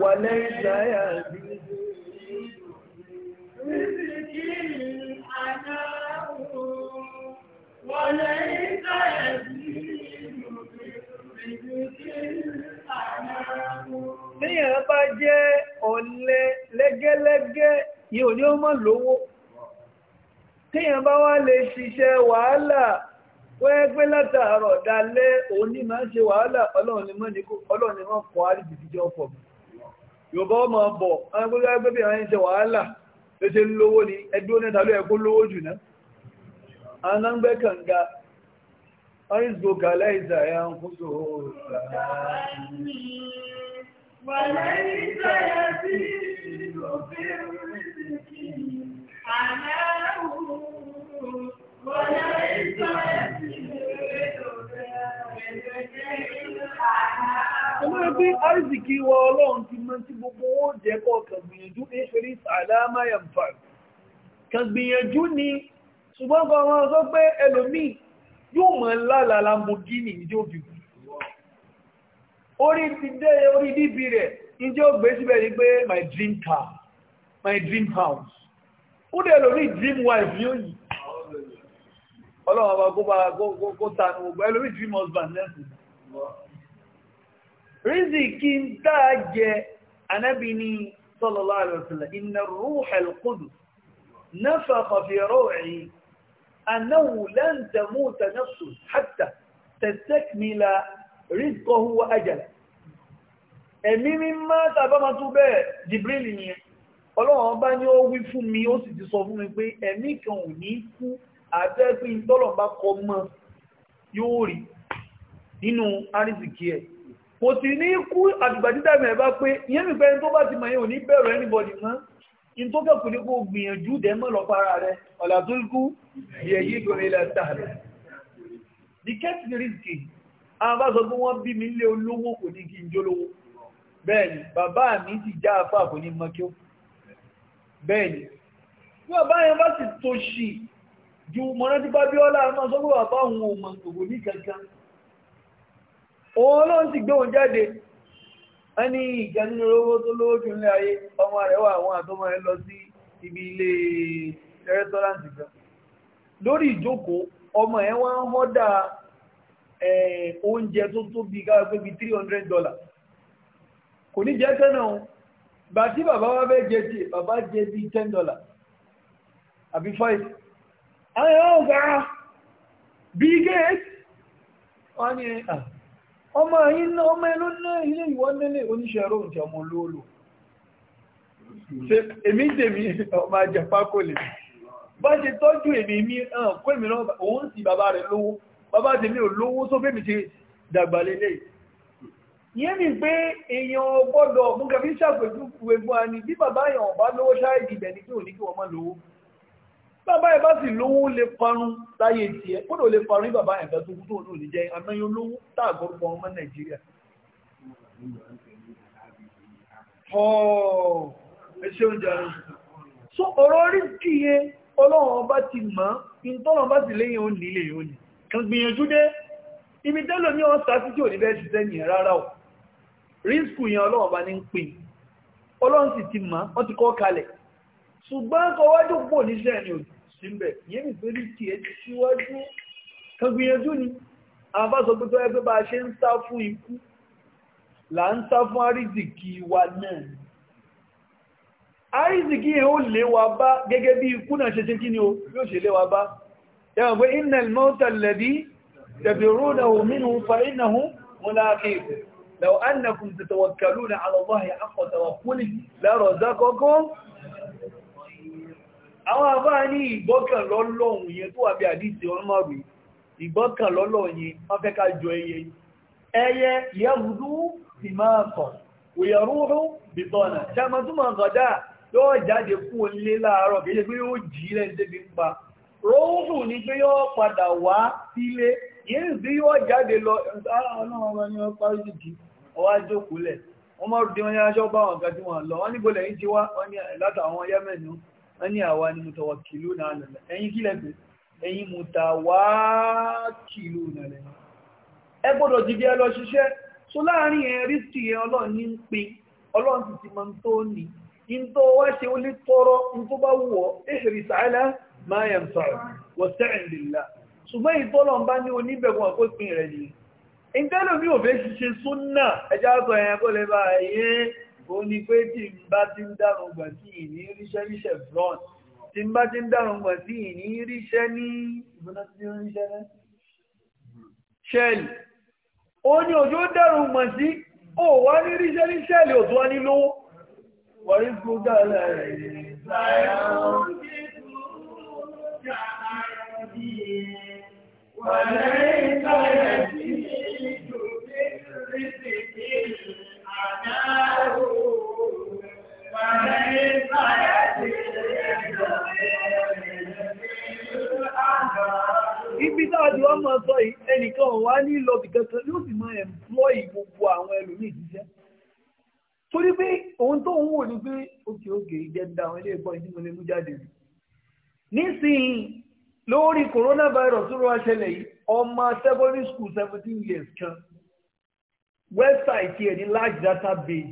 wà lẹ́yìnṣà ẹ̀yà bí وليس يزيد بذكر الأنام téèyàn bá jẹ́ ọ̀lẹ lẹ́gẹ́lẹ́gẹ́ yóò ní ó mọ́ lówó bá wá lè ṣiṣẹ́ wàhálà látàárọ̀ dalẹ́ òní máa ń ṣe wàhálà ọlọ́run ni wọ́n kọ́ àríjìdì jọ pọ̀ yóò ọmọ bọ̀ bí ṣe wàhálà lẹ́ṣe lówó ni ẹgbẹ́ onẹ́dàlú ẹkó lówó jù náà anáńgbẹ́ kànga arisboka ya ń Ọmọ bí arziki wa ọlọ́run ti mọ́ tí gbogbo ó jẹ́ kọ́ kan gbìyànjú ìṣirí àdámá yàmfà. Kan gbìyànjú ni, ṣùgbọ́n kan wọ́n sọ pé ẹlòmí yóò mọ̀ lálàlá mọ̀gínì ní ó fi kú. Orí ti dé orí díbi rẹ̀, ní ó gbé síbẹ̀ ní pé my dream car, my dream house kúdẹ̀ lórí dream wife yóò yìí ọlọ́run ọba kó bá kó tanu gbogbo ẹlòmí dream husband lẹ́sìn rízì kí n dáa jẹ anábì ní sallallahu alaihi wasallam inna ruhal qudus nafakha fi ruhi annahu lan tamuta nafsun hatta tastakmila rizqahu wa ajalahu ẹ̀mí mímọ́ tàbá máa tún bẹ́ẹ̀ Jibril nìyẹn ọlọ́run bá ní ó wí fún mi ó sì ti sọ fún mi pé ẹ̀mí kan ò ní kú àtẹ́pín tọ́lọ̀ bá kọ mọ́ yóò rí nínú àrísìkí ẹ̀ kò sì ní kú àdìgbàdídà mẹ́ bá pé ìyẹn mi pẹ́ni tó bá ti mọ̀ yẹn ò ní bẹ̀rù anybody mọ́ in tó kẹ́kù ní kó gbìyànjú dẹ̀ lọ para rẹ̀ ọ̀là tó kú yẹ̀yí ìgbòrè ilẹ̀ tààrẹ the cat risky àwọn bá sọ pé wọ́n bí mi lé olówó kò ní kí n jólówó bẹ́ẹ̀ ni bàbá mi ti já afá kò ní mọ́kí ó bẹ́ẹ̀ni bí ọba yẹn bá sì tó ṣì ju mọ̀rántí bá bíọ́lá náà sọ́gbọ́ bàbá òun ò mọ̀ ní kankan òun ló ń sì gbé òun jáde a ní ìgbà nínú owó tó lówó jù nílé ayé ọmọ rẹ̀ wà àwọn àtọmọ rẹ̀ lọ sí ibi ilé rẹ́sọ́ráǹtì kan lórí ìjókòó ọmọ ẹ̀ wá ń họ́dà oúnjẹ tó tóbi káwé pé bíi three hundred dollars kò ní jẹ́ tẹ́nà gbà tí bàbá wá fẹ́ jẹ tí bàbá jẹ bí ten dollar àbí five àwọn ẹ̀rọ ọ̀gá bí gate wọ́n ní ọmọ iná ọmọ ẹlú ná ilé ìwọ́n nílé oníṣẹ́ ròhùn tí ọmọ olóòlò èmi tèmi ọmọ àjẹpá kò lè bá ṣe tọ́jú èmi mi hàn kó èmi náà òun sì bàbá rẹ̀ lówó bàbá tèmi ò lówó sófẹ́mi ti dàgbà lélẹ́yìí yé mi pé èèyàn gbọ́dọ̀ mú kẹfí ṣàpèjú gbogbo àní bí bàbá èèyàn ọ̀bá lówó ṣáàdì ibẹ̀ ni kí ò ní kí wọ́n má lówó bàbá ẹ̀ bá sì lówó lè parun láyé tiẹ̀ kódò lè parun ní bàbá ẹ̀ fẹ́ tó kú tó ò ní jẹ́ anáyó lówó táàgọ́ pọ̀ ọmọ Nàìjíríà. ọ̀ọ́ ẹ ṣeun jàre so ọ̀rọ̀ orí kíye ọlọ́run ọba ti mọ̀ ní tọ́lọ́run bá sì léyìn òní lè yóò ní kan gbìyànjú dé ibi tẹ́lọ̀ ní ọ̀sán títí òní bẹ́ẹ̀ ṣiṣẹ́ yẹn rárá o. rísíkù yẹn ọlọ́run bá ní ń pín ọlọ́run sì ti mọ̀ wọ́n ti kọ́ kalẹ̀ ṣùgbọ́n kọwájú pò níṣẹ́ ni ò sí ń bẹ̀ yẹn mi pé rísíkì ti kan ni àwọn bá sọ pé tó yẹ pé bá a ṣe ń sá fún ikú là ń sá fún wa náà àrísìkì yẹn ó lé wa bá gẹ́gẹ́ bí ikú náà ṣe ṣe kí لو أنكم تتوكلون على الله حق توكله لرزقكم àwọn àbá ní ìgbọ́kàn lọ́lọ́run yẹn tó wà bí àdíjẹ ọmọrù ìgbọ́kàn lọ́lọ́run yẹn wọ́n fẹ́ ká jọ ẹyẹ ẹyẹ yẹ́rùdú ti máa kọ̀ òyẹ̀rúrú bìtọ̀nà ṣàmàtúmọ̀ gọ̀dá yóò jáde kú onílé láàárọ̀ kéje pé yóò jí lẹ́ẹ̀dẹ́bí pa róòrù ní pé yóò padà wá sílé yìí bí yóò jáde lọ ọlọ́run ọmọ ni wọ́n parí ọwá jókòólẹ̀ wọ́n mọ́ di wọ́n yáṣọ́ bá wọn lọ wọ́n níbo lẹ́yìn tí wá látàwọn yemen wọ́n ní àwa ni mùtàwà kìlú náà lẹ̀lẹ̀ ẹ̀yìn kí lẹ́gbẹ̀ẹ́ ẹ̀yìn mùtàwà kìlú náà lẹ́yìn ẹ gbọ́dọ̀ lọ ṣiṣẹ́ so láàrin ẹ̀ rísì ọlọ́run ní ń ọlọ́run ti máa ń tó tọrọ in tó bá wù sàálà máa yẹn wọ́n sẹ́yìn lè la ìtẹ́lò mi ò fẹ́ ṣiṣẹ́ súnnà ẹjá sọ ẹ̀yẹn kó lè bá ẹ̀yẹ ó ní pé tí n bá ti ń dárùn gbà tí ìní ríṣẹ́ ríṣẹ́ front tí n bá ti ń dárùn tí ìní ríṣẹ́ ní ṣẹ́lì ó ní òjò dárùn sí ó wá ní ríṣẹ́ ní ṣẹ́lì ò tó wá nílò wọ̀rí Ibi táàdì wọ́n máa sọ ẹnìkan wá ní lọ́bì kankan yóò sì máa employ gbogbo àwọn ẹlòmíì jíṣẹ́. Torí pé òun tó ń wò ní pé òkè òkè ìjẹta àwọn ilé ẹ̀kọ́ ìdí mo lè mú jáde rí. lórí coronavirus tó rọ́ ṣẹlẹ̀ yìí, ọmọ secondary school seventeen years kan website yẹn ní large database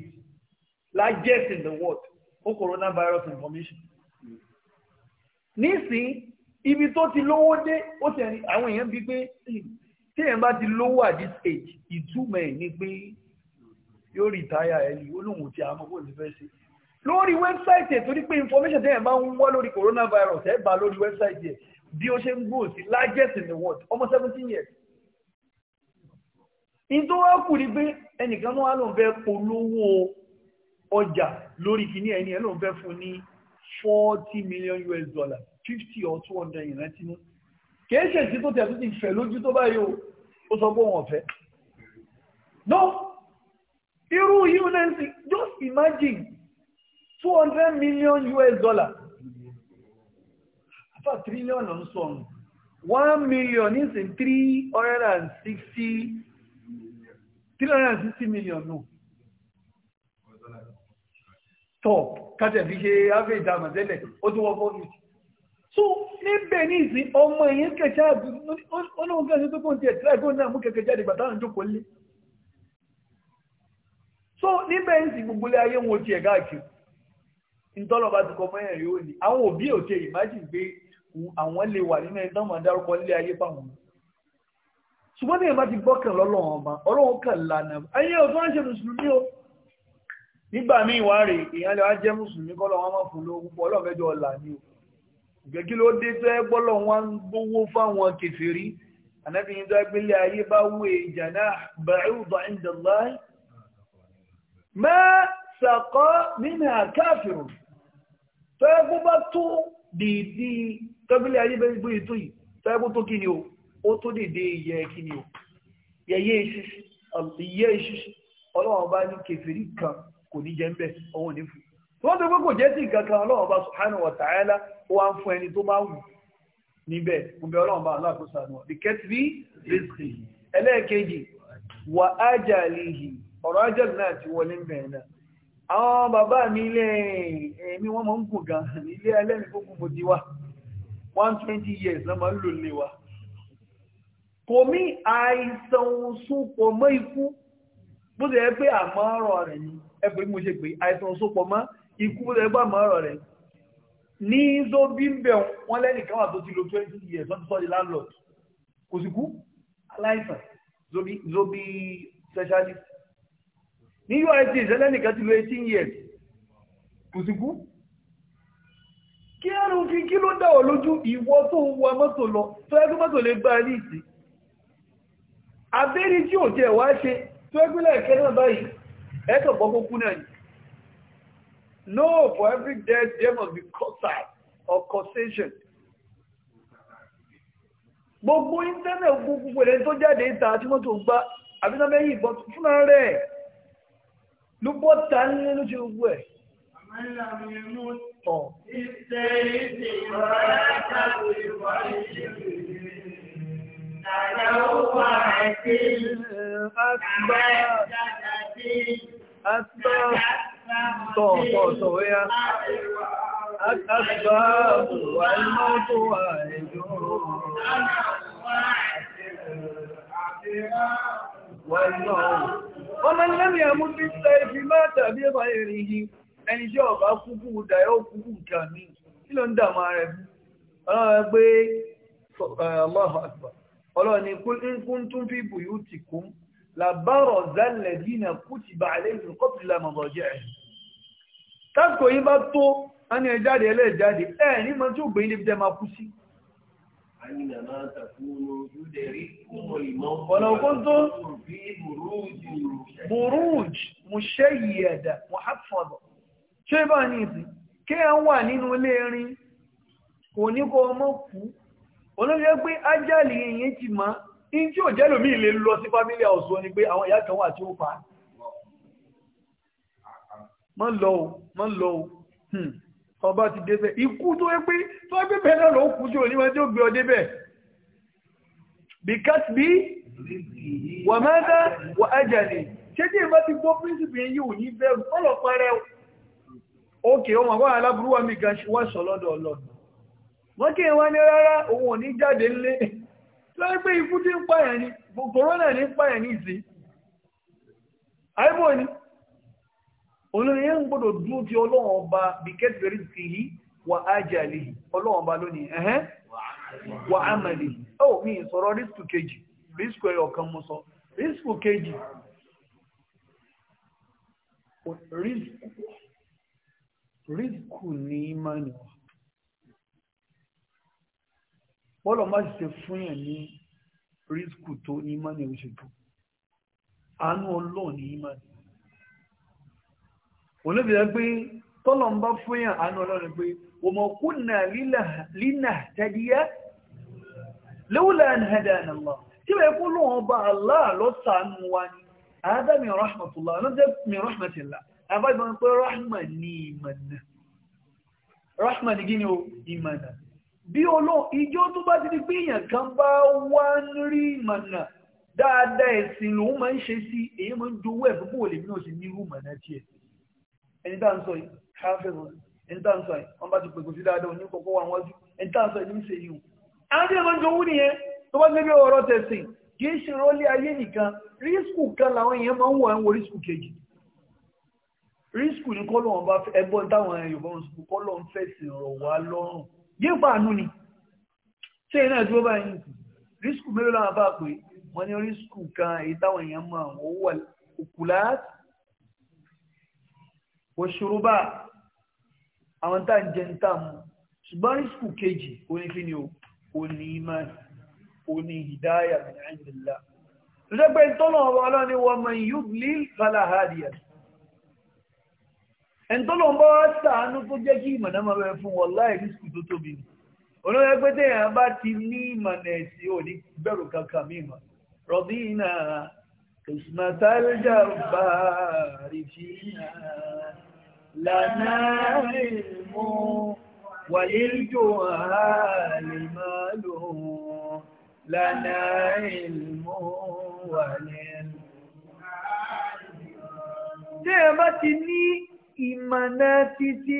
largest in the world ó coronavirus information nísìn ibi tó ti lówó dé ó ti ẹni àwọn èèyàn bíi pé tí èèyàn bá ti lówó at this age ìtumọ̀ ẹ̀ ni pé yóò retire ẹni olóhùn tí a mọ̀ kó ní fẹ́ ṣe lórí wẹ́bsáìtì ẹ̀ torí pé information tẹ́yẹ̀ bá ń wọ́ lórí coronavirus ẹ̀ bá lórí wẹ́bsáìtì ẹ̀ bí ó ṣe ń gbò sí largest in the world ọmọ seventeen years. in tó wá kù ni pé ẹnìkan náà wà lóun fẹ́ polówó ọjà lórí kìíní ẹni ẹ̀ ló ń fẹ́ fún ní forty million US dollar fifty or two hundred ìrántí ní kìí ṣe èsì tó tẹ̀sí ti fẹ̀ lójú tó báyìí o ó sọ pé òun ọ̀fẹ́ no irú yìí náà sì just imagine two hundred million US dollar àfà tírílíọ̀nù ń sọ̀rọ̀ one million is in three hundred and sixty three hundred and sixty million nù. No. tọ káṣẹ̀ fi ṣe average dama tẹ́lẹ̀ ó tún wọ so níbẹ̀ ní ìsìn ọmọ èèyàn nkecha ọlọ́run kẹ̀kẹ́ tó kóńtì ẹ̀ tíráì kóńtì náà mú kẹ̀kẹ́ jáde gbàtà àwọn ìjókòó lé so níbẹ̀ n'isi gbogbo ilé ayé wọn ti káàkiri ti kọ́ àwọn òbí ò àwọn lè wà nínú ẹni ayé fáwọn ṣùgbọ́n ní gbọ́kàn nígbà míì wá rèé èèyàn lè wá jẹ́ mùsùlùmí kọ́ lọ́wọ́ máa fún lówó púpọ̀ ọlọ́mẹjọ ọ̀la ni o ìgbẹ́ kí ló dé tẹ́ gbọ́lọ̀ wọn ń gbówó fáwọn kèfèrí anábìyìn tó gbélé ayé bá wú èjà e, náà ba'uda inda Allah ma saqa minha kafiru tẹ́ kó bá tó dìídì tẹ́gbélé ayé bẹ́ẹ̀ gbé ètò e yìí tẹ́ ní kèfèrí kan kò ní jẹ́ ń bẹ̀ ọwọ́ ní fún tó ń tó pé kò jẹ́ sí nǹkan kan ọlọ́run bá subhanahu wa ta'ala ó wá ń fún ẹni tó bá wù níbẹ̀ mo bẹ̀ ọlọ́run bá aláàkóso àná the kẹ́tìrí rìsì wà ájàlìhì ọ̀rọ̀ ájàlì náà ti wọlé ń bẹ̀rẹ̀ náà àwọn bàbá mi ilé ẹ̀mí wọ́n máa ń gùn gan ilé ẹlẹ́ni gbogbo mo ti wà 120 years náà máa ń lò lè wa kò mí àìsàn òsùn pọ̀ mọ́ ikú bó ti yẹ pé àmọ́ ọ̀rọ̀ rẹ̀ ni ẹgbẹ́ mo ṣe pé àìsàn sopọ̀ mọ́ ikú ẹgbà mọ́rọ̀ rẹ̀ ní zombi ń bẹ̀ wọ́n lẹ́nìkan wà tó ti lo twenty years wọ́n ti sọ́ di landlord kò sì kú aláìsàn zombi zombi specialist ní UIT ìṣẹ́lẹ́nìkan ti lo eighteen years kò sì kú kí ẹrù kí kí ló dáwọ̀ lójú ìwọ tó ń wa mọ́tò lọ tó ẹgbẹ́ mọ́tò lè gbá ní ìsìn abẹ́rí tí ò jẹ́ wá ṣe tó ẹgbẹ́ lẹ́ẹ̀kẹ́ náà báyìí ẹ̀kọ̀ gbọ́gbọ́ kú náà no for every death there must be causal or causation gbogbo internet gbogbo èrè tó jáde ìta tí wọ́n tó gbá àbínábẹ́yìn ìbọn fúnra rẹ̀ ló bọ́ ta nílé ló ṣe gbogbo ẹ̀ Àyàwó àti àgbà ìjàdàdì Asbá tọ̀ tọ̀ ya. Asbá wà mọ́ tó wà ẹjọ́. Ọmọ ilẹ́mì àmúdí ṣe fi máa tàbí ẹbà èrìn yìí, ẹni jẹ́ ọ̀bá kúkú dàyọ́ kúkú ìkà ní, kí ló ń dàmà rẹ̀ fún? pé Allahu ni kún tún ti kún لبرز الذين كتب عليهم القتل الى مضاجعهم تذكر يبا تو ان يجاري لا يجاري اي ني ما تو بين بده ما كوسي اينما تكونوا يدرككم الموت ولو كنتم في بروج بروج مشيده محفظه ṣé bá ní ìsìn kí ẹ wà nínú ilé erin kò ní kó ọmọ kú olóyẹ pé ájálì èyí ti máa in tí ò jẹ́ lómi ilé lọ sí family house wọn ni pé àwọn ìyá kan wà tí ó pa mọ́ lọ o mọ́ lọ o ọba hmm. ti débẹ̀ ikú tó wé pé tó wé pé bẹ́ẹ̀ náà ló kú jù níwọ̀n tí ó gbé ọ débẹ̀ because bí wà máa dá wà ájà ni ṣé tí ìbá ti gbọ́ príncipe yìí ò ní bẹ̀rù ọlọ̀ parẹ́ òkè ọmọ àwọn aláburú wa mi gan ṣe wọ́n sọ lọ́dọ̀ ọlọ́dọ̀ wọ́n kí wọ́n ní rárá òun ò ní jáde nílé lọ́rí pé ikú tí ń pààyàn ni corona ní pààyàn ní ìsìn àìbò ni olórí yẹn ń gbọ́dọ̀ dúró ti ọlọ́run ọba bí kẹ́tìrì sí i wà ájàlè ọlọ́run ọba lónìí ẹ̀hẹ́n wà ámàlè bọ́lọ̀ má sì ṣe fún yàn ní rísíkù tó ní mọ́ni oṣù tó àánú ọlọ́ọ̀ ní mọ́ni olóbi rẹ pé tọ́lọ̀ ń bá fún yàn àánú ọlọ́run pé wọ́n kú náà línà tẹ́díyẹ́ lẹ́wọ́lá àdáyà nàlá tí wọ́n kú lóhun ọba aláà lọ́sàánú wa ni àádámi rahmatullah alọ́jẹ́ mi rahmatullah àbájọ́ pé rahma ní ìmọ̀nà rahma ní gíní o ìmọ̀nà bí olóò ìjọ tó bá ti di pé èèyàn kan bá wá ń rí ìmọ̀nà dáadáa ẹ̀sìn lòun máa ń ṣe sí èyí máa ń jowó ẹ̀ fún bóòlè mí náà ṣe nírú ìmọ̀nà tiẹ̀ ẹni tá à ń sọ yìí ṣáfẹ́ràn ẹni tá à ń sọ yìí wọ́n bá ti pèkó sí dáadáa òní kọ̀kọ́ wà wọ́n sí ẹni tá à ń sọ yìí ní ṣe yìí o àwọn tí wọ́n jowó nìyẹn tó bá gbé ọ̀rọ̀ tẹ̀sìn kì í ṣe rọ́lé ayé nìkan rísíkù kan làwọn èèyàn máa ń wọ̀ ẹ̀ rísíkù kejì rísíkù ni kọ́lọ́ wọn bá ẹgbọ́n táwọn Yorùbá wọn sọ kọ́lọ́ ń fẹ̀sìn rọ̀ wá lọ́rùn yíò bá nú ni ṣe iná ìdúró báyìí rísíkù mélòó láwọn bá pé wọ́n ní rísíkù kan èyí táwọn èèyàn mọ̀ wọ́n wà òkúlá òṣùrùbà àwọn tá ń jẹ ń tà mú ṣùgbọ́n rísíkù kejì oníkíni o oní imani oní hidaya min indillah ẹni tó lòun bá wá sàánú tó jẹ́ kí ìmọ̀nà máa bẹ fún wọn láì rí sùkúl tó tóbi ni olóyè pé téèyàn bá ti ní ìmọ̀nà ẹ̀sìn ò ní bẹ̀rù kankan mí mọ̀ rọ̀bí iná ìsìmọ̀tàlẹ́jà bá rí fi lànà ìmú wàlíjò àlèmọ́ lànà ìmú wàlíjò. téèyàn bá ti ní ìmọ̀nà títí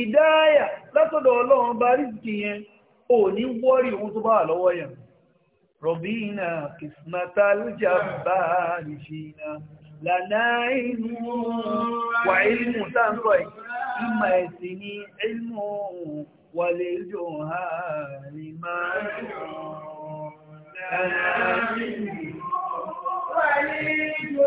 ìdáyà látọ̀dọ̀ ọlọ́run bá rìsìkì yẹn ò ní wọ́rí ohun tó bá lọ́wọ́ yẹn rọ̀bìnà kìsìmọ̀tàlùjà bá rìsìnà lànà ìlú wà ilmù táǹkọ̀ ìmọ̀ ẹ̀sìn ní ilmù wàlẹ̀ ìjọ ààrẹ máa lànà ìlú wà ilmù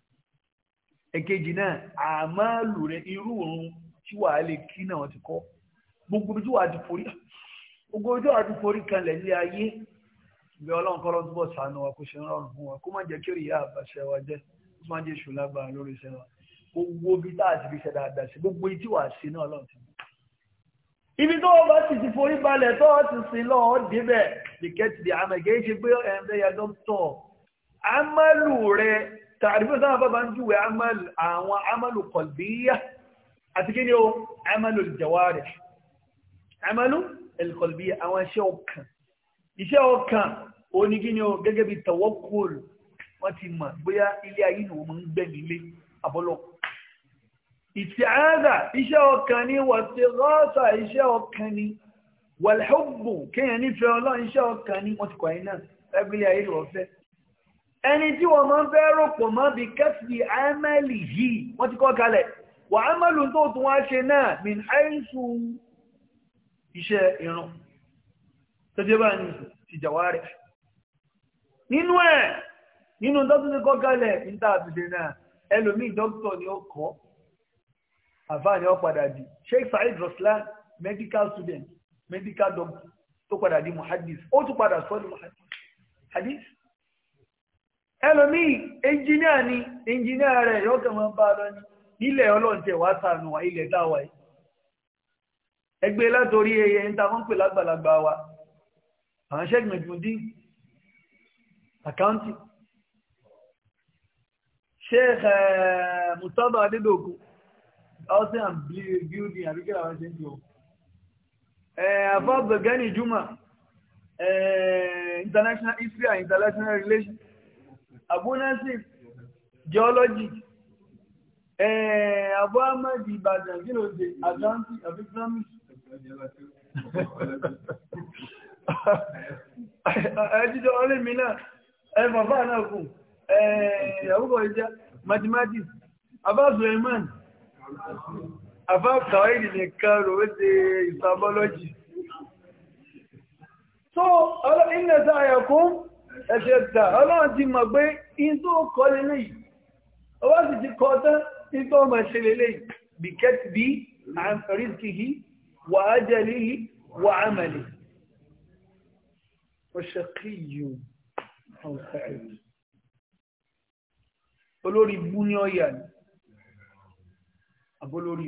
èkejì náà àmàlù rẹ irú òun tí wàá lè kí náà ti kọ́ gbogbo tí wàá ti forí gbogbo tí wàá ti forí kan lẹ̀ lé ayé ìgbẹ́ ọlọ́run kọ́ lọ́dún bọ̀ sànù wa kó ṣe ń rọrùn fún wa kó má jẹ́ kí òrìyá àbàṣẹ wa jẹ́ kó má jẹ́ ṣùlá gbà lórí iṣẹ́ wa gbogbo bí tá a ti fi ṣe dáadáa sí gbogbo tí wàá ṣe náà ọlọ́run ti mú. ibi tó o bá sì ti forí balẹ̀ tó o ti sin lọ ọ́ débẹ̀ the get the amẹ́gẹ́ ṣe pé ẹ̀ ń bẹ́yà dókítọ̀ amálù rẹ̀ tààrífẹ́ sáà bá bá ń júwẹ́ àwọn amalu kọlbíyà àti kí ni ó amalu jawari amalu kọlbíyà àwọn iṣẹ́ ọkàn iṣẹ́ ọkàn ó ní kí ni ó gẹ́gẹ́ bí tawakkul wọ́n ti mọ̀ bóyá ilé ayé ni wọ́n mọ̀ ń gbẹ̀mílé àbọ́lọ́ ìtìáàdà iṣẹ́ ọkàn ni iṣẹ́ ọkàn ni wàlhùbù ẹni tí wọ́n máa ń fẹ́ rọ̀pọ̀ mọ́ bí kẹ́sì àmẹ́lì yìí wọ́n ti kọ́ kalẹ̀ wà tó tún min àìsù iṣẹ́ iran tó bá ní ìjàwá rẹ̀ nínú ẹ̀ nínú tó tún ti kọ́ kalẹ̀ níta àtúnṣe náà ẹlòmíì dókítọ̀ ni Sheikh Saheed medical student medical doctor tó padà di muhaddis ó tún ẹlòmíì ẹnjìníà ni ẹnjìníà rẹ̀ yóò kàn máa bá a lọ ní nílẹ̀ ọlọ́ọ̀tẹ̀ wá sànù wá ilẹ̀ dáwà yìí ẹgbẹ́ látòrí ẹyẹ ń ta wọ́n pè lágbàlagbà wa àwọn ṣẹ́gun ìjùmọ̀dí àkáǹtì Sheikh eh, Mustapha Adédògún housing and building àbíkẹ́ àwọn ṣe ń jọ eh, afọ́ Gani Juma eh, international history and international relations abunasif geology eh, abu ahmed ibadan kí ló dé atlantic àbí economics ẹjíjọ ọlẹ́ mi náà ẹ bàbá náà kù ẹ̀yàwókọ̀ eh, ìjá mathematics abá suleiman afá kàwàí nìkan rò ó ṣe ìsàbọ́lọ́jì so ọlọ́ ìnẹ̀ta àyàkún ẹ̀ṣẹ̀ tà ọlọ́run ti mọ̀ pé in tó kọ́ lélẹ̀ yìí ọwọ́ sì ti kọ́ tán in tó mọ̀ ṣe lélẹ̀ yìí bí kẹ́tì bí àǹfẹ̀ríkì yìí wà á jẹ́lé yìí wà á mẹ̀lẹ̀ ọ̀ṣẹ̀kíyù ọ̀ṣẹ̀kíyù olórí bú ni àbólórí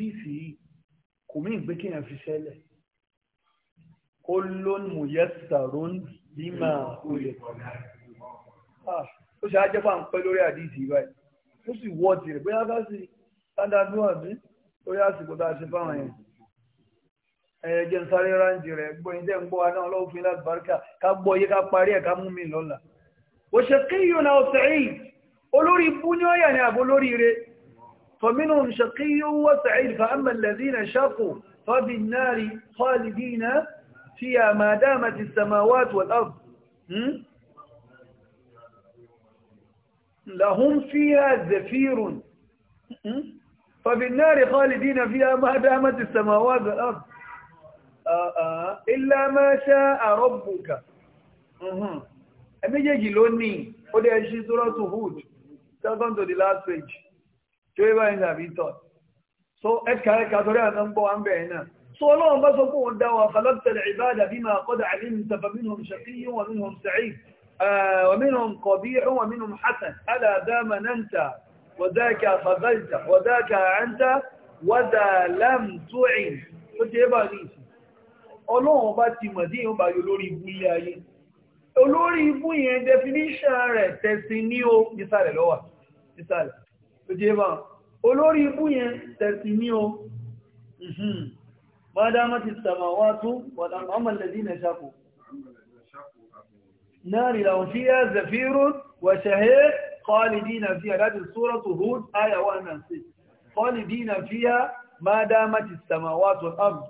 fi ṣẹlẹ̀ kullun muyassarun lima khuliqa ah, ó ṣe ajẹ́pà ń pẹ́ lórí àdìsí báyìí ó sì wọ́ tirẹ̀ bóyá ká sí sádàdú àbí lórí àsìkò tá a ṣe fáwọn yẹn ẹ̀yẹ jẹ́ ń sáré ráńjì rẹ̀ gbọ́yìn tẹ́ ń gbọ́ adán ọlọ́run fún láti barika ká gbọ́ yé ká parí ẹ̀ ká mú mi lọ́la ó ṣe kíyùn náà sẹ́yìn olórí ibú ní ọ̀yà ni àbó lórí rẹ̀ fọmínú ṣe kíyùn wọ́n sẹ́yìn fa ṣàkó fábí náà فيها ما دامت السماوات والأرض لهم فيها زفير ففي النار خالدين فيها ما دامت السماوات والأرض إلا ما شاء ربك ẹmẹ́jẹ̀jì ló ní ó dẹ̀ ṣí sórọ́tù hood second to the last so ẹ̀ka ẹ̀ka torí àná so ọlọ́run bá sọ pé wọ́n dá wa khalaqtal ibada bima qad alimta faminhum shaqiyyun wa minhum sa'id eh, wa minhum qabiihun wa وذاك hasan ala dama nanta wa dhaka fadalta wa dhaka anta wa dha lam tu'in ó ti ébà ní ìsìn ọlọ́run bá ti mọ̀ dí ìhun bá yọ lórí ibú ilé ayé olórí ibú yẹn definition rẹ̀ tẹ̀sìn ní o nísàlẹ̀ lọ́wà nísàlẹ̀ ó ti ébà ibú yẹn tẹ̀sìn ní o mhm. ما دامت السماوات والأرض الذين شقوا نار لهم فيها زفير وشهير خالدين فيها هذه سورة هود آية 1 خالدين فيها ما دامت السماوات والأرض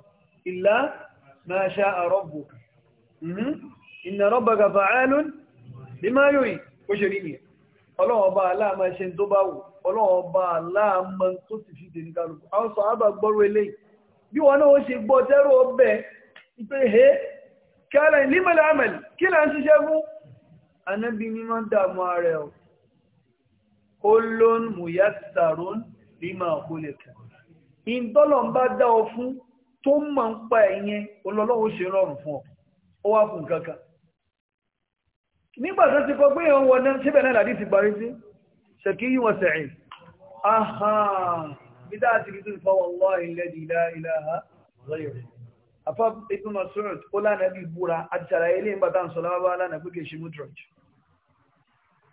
إلا ما شاء ربك إن ربك فعال لما يريد وشريني ọlọ́wọ́ bá aláàmà ṣe tó bá wù ọlọ́wọ́ bá aláàmà tó ti fi dè ní kálùkù àwọn sọ bí wọn náà ó ṣe gbọ́ tẹ́rù ọbẹ̀ ìpé ẹ̀ kẹ́rẹ̀ nímọ̀lẹ̀ àmẹ̀lì kí là ń ṣiṣẹ́ fún anábì ní wọ́n dààmú ààrẹ ọ̀ kólón mùyásàrún lima òkúlẹ̀kẹ̀ ìdọ́lọ̀ ń bá dá ọ fún tó mọ̀ ń pa ẹ̀yẹn olọ́lọ́wọ́ ṣe rọrùn fún ọ ó wá fún kankan nígbà tó ti kọ pé èèyàn náà síbẹ̀ náà làdí ti parí sí ṣèkí yíwọ̀n sẹ̀yìn بدعة الرسول فوالله الذي لا إله غيره أفاب ابن مسعود قولا نبي بورا أتسرى إليه بدان صلى الله عليه نبي كيش مترج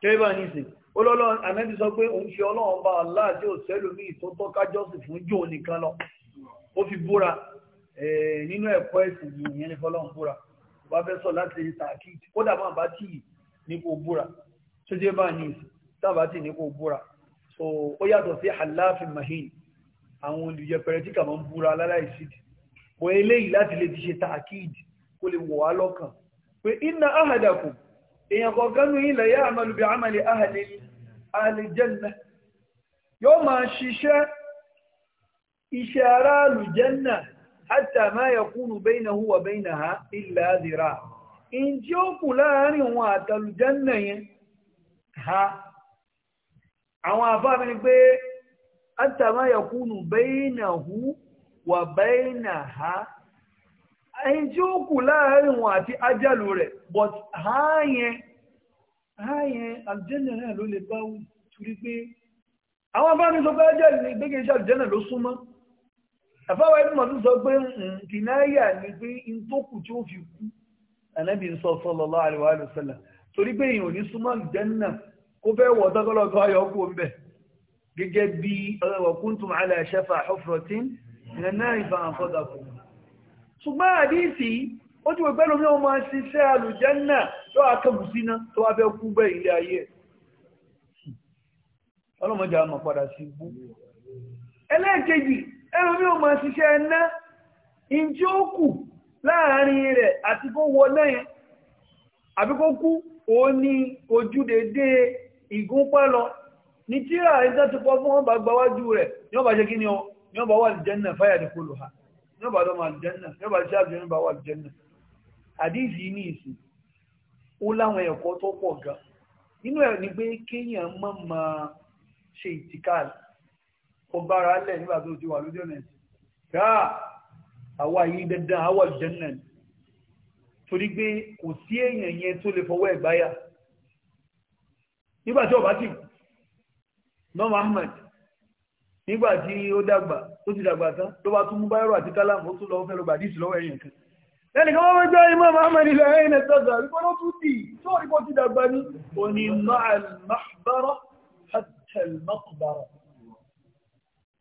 كيف أنيسي olọ́lọ́ ànábì sọ pé òun ṣe ọlọ́run bá Allah tí ó sẹ́lú ní ìtótọ́ kájọ́sì fún jò nìkan lọ ó fi búra nínú ẹ̀kọ́ ẹ̀sìn yìí ìyẹn ní fọlọ́run búra wá fẹ́ sọ láti ṣe tàkìtì kódà máa bá tì ní kò búra tó jẹ́ bá ní ìsìn tì ní kò búra ó yàtọ̀ sí halafin mahin àwọn olùyẹpẹrẹ tí kà máa ń búra láláìsídì bọ̀ eléyìí láti lè ti ṣe taakid kó lè wọ̀ wá lọ́kàn pé inna ahadakum èèyàn kọ̀ọ̀kan ní ilẹ̀ yá àmàlù bí àmàlì ahli janna yóò máa ṣiṣẹ́ iṣẹ́ ará àlùjẹ́nà hatta ma yakunu baynahu wa baynaha illa zira ìjí ó kù láàrin òun àtàlùjẹ́nà yẹn ha àwọn àfáà mi ni pé hatta ma yakunu bainahu wa bainaha ẹ̀yìn tí ó kù láàrin wọn àti ajálù rẹ̀ but háyẹn háyẹn àjẹ́nà náà ló lè bá wù torí pé àwọn pe. sọ pé ajálù ní gbégé iṣẹ́ àjẹ́nà ló súnmọ́ àfáwà ẹni mọ̀ tó sọ ni pe in tó kù tí ó fi sọ sallallahu alaihi wa sallam be pé èèyàn gẹ́gẹ́ bí ọkùntùn aláṣẹ́fà ọ̀fọ̀tín ìrìnà ìfà àfọ́dàkù. ṣùgbọ́n àdíìsì ó ti wẹ̀gbẹ́ lómi ọmọ ṣiṣẹ́ alùjẹ́nà tó àkẹ́bù síná tó wá fẹ́ kú bẹ́ ó kù láàrin rẹ̀ àti kó wọ náà àbí kú òun ní ojú dédé ìgúnpá lọ ní tíra ẹ̀dá ti pọ̀ fún wọn bá gbáwájú rẹ̀ ní ọba ṣe kí ni ọ ní ọba wà lìjẹ́nà fáyà ní kó lò ha ní ọba dọ́mà lìjẹ́nà ní ọba ṣe àbẹ̀rẹ̀ bá wà lìjẹ́nà àdíìsì ní ìsìn ó láwọn ẹ̀kọ́ tó pọ̀ ga nínú ẹ̀ ni pé kéèyàn mọ́ máa ṣe ìtìkàl kó bára lẹ̀ nígbà tó ti wà lójú ọ̀nà ẹ̀sìn gáà àwa yìí dandan àwa lìjẹ́nà torí pé kò sí èèyàn yẹn tó lè fọwọ́ ẹ̀gbáyà nígbà tí ọba ti nọ́ọ̀mù ahmed nígbà tí ó dàgbà ó ti dàgbà tán ló bá tún mú báyọ̀rọ̀ àti kálámù ó tún lọ́wọ́ fẹ́ lọ bàdíìsì lọ́wọ́ ẹ̀yìn kan lẹ́nì kan wọ́n fẹ́ gbá imam ahmed ilẹ̀ ẹ̀yìn ẹ̀sọ́gà wípé ó tún dì tó ìbò ti dàgbà ní òní ma'al-mahbara hatta al-maqbara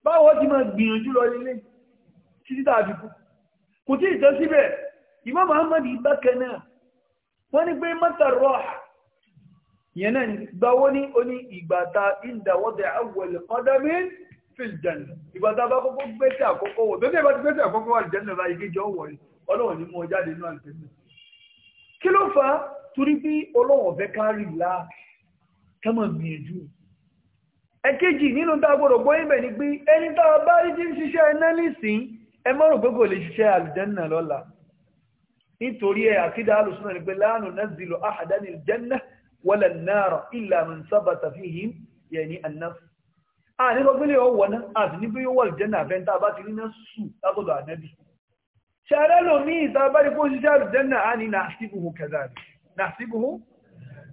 báwo ti yẹn náà gbáwó ní oní ìgbàta ìdáwọ́dẹ̀ àwọ̀lẹ̀ ọdọ́mí fìlìjàn ìgbàta bá kọ́kọ́ gbẹ́sẹ̀ àkọ́kọ́ wọ̀ bẹ́ẹ̀ bá ti gbẹ́sẹ̀ àkọ́kọ́ wà lìjẹ́ náà igi jọ wọ̀ ọlọ́wọ̀n ní mọ́ jáde inú àlùfẹ́sẹ̀ kí ló fà á torí bí ọlọ́wọ̀n fẹ́ kárí ìlà kẹ́mọ̀ gbìyànjú ẹ̀kejì nínú tá a gbọ́dọ̀ gbọ́ ibẹ̀ ni pé ẹni tá a bá rí ti ń ṣiṣẹ́ iná nísìn wala an-nar illa man sabata fihim yani an-nas a ní sọ pé lè ọwọ́ náà àti ní pé yóò wà lùjẹ́ náà fẹ́ntà bá ti rí náà sù látọ̀dọ̀ ànábì ṣàrẹ́ lò ní ìta bá rí kó ṣiṣẹ́ àlùjẹ́ náà á ní nàṣíbùhù kẹzàrí nàṣíbùhù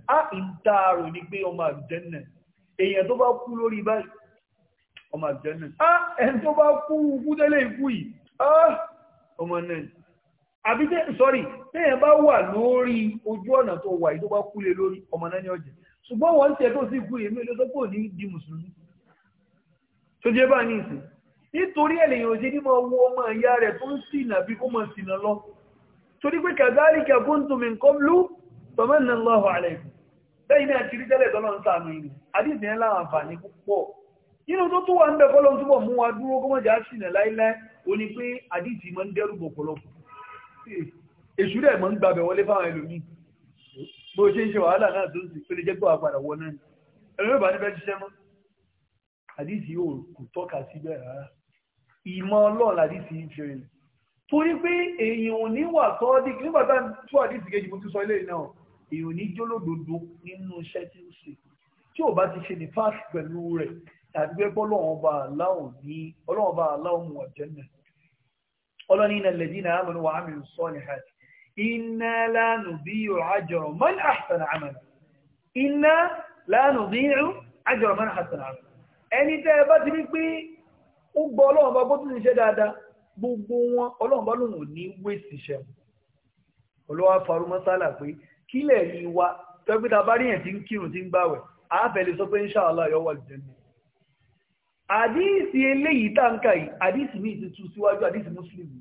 á ìtaàrò ní pé ọmọ àlùjẹ́ náà èèyàn tó bá kú lórí báyìí ọmọ àlùjẹ́ náà á ẹni tó bá kú kú tẹ́lẹ̀ ikú yìí á ọmọ náà àbí tẹ́ sọ́rí tẹ́yẹ̀ bá wà lórí ojú ọ̀nà tó wà yìí tó bá kúlé lórí ọmọ náà ní ọ̀jẹ̀ ṣùgbọ́n wọ́n tẹ́ tó sì kú èmi ló sọ́pọ̀ ní di mùsùlùmí tó jẹ́ bá ní ìsìn nítorí ẹ̀lẹ́yìn òjé ní máa wo ọmọ ìyá rẹ̀ tó ń ṣìnà bí kó máa ṣìnà lọ torí pé kadhalika kuntum min qablu famanna Allahu alaykum bẹ́yìn náà kiri tẹ́lẹ̀ tọ́lọ́ ń sàánú ìlú àdìsí ẹ̀ láwọn àǹfààní púpọ̀ nínú tó tó wà ń bẹ̀ kọ́lọ́ túbọ̀ mú wa dúró kó mọ̀jà ṣìnà láíláí o ní pé àdìsí máa ń dẹ́rù bọ̀pọ̀lọpọ̀ èṣù dẹ̀ mọ́ ń gbàbẹ̀ wọlé fáwọn ẹlòmíì bó ṣe ń ṣe wàhálà náà tó ń sì pélé jẹ́gbọ́ àpàdà wọ náà ẹlòmíì bá níbẹ̀ ṣiṣẹ́ mọ́ àdìsí yóò kò tọ́ka síbẹ̀ rárá ìmọ̀ ọlọ́run àdìsí ń fi rìn torí pé èèyàn ò ní wà tọ́ dí nígbà tá tó àdìsí kejì mo ti sọ ilé náà èèyàn ò ní jólódodo nínú iṣẹ́ tí ó ṣe tí ò bá ti ṣe ní fáàsì pẹ̀lú rẹ̀ tàbí pé bọ́lọ́run bá aláwọ̀ ní ọlọ́run bá aláwọ̀ mú ọ̀jẹ́ náà ọlọ́ni iná lẹ́dí náà amanu wa amilu salihat iná lánàá bí yóò àjọrọ̀ man ahsana amala iná lánàá bí yóò àjọrọ̀ man ahsana amala ẹni tẹ́ ẹ bá ti ní pé ó gbọ́ ọlọ́run bá bó tún ṣe dáadáa gbogbo wọn ọlọ́run bá lòun ò ní wéètì iṣẹ́ olówó faru mọ́sálà pé kílẹ̀ ni wa tọ́gbẹ́ta bá ríyàn ti ń kírun ti ń gbàwẹ̀ àáfẹ́ lè sọ pé insha Allah àdíìsì eléyìí táǹkà yìí àdíìsì ní ìtìtù síwájú àdíìsì mùsùlùmí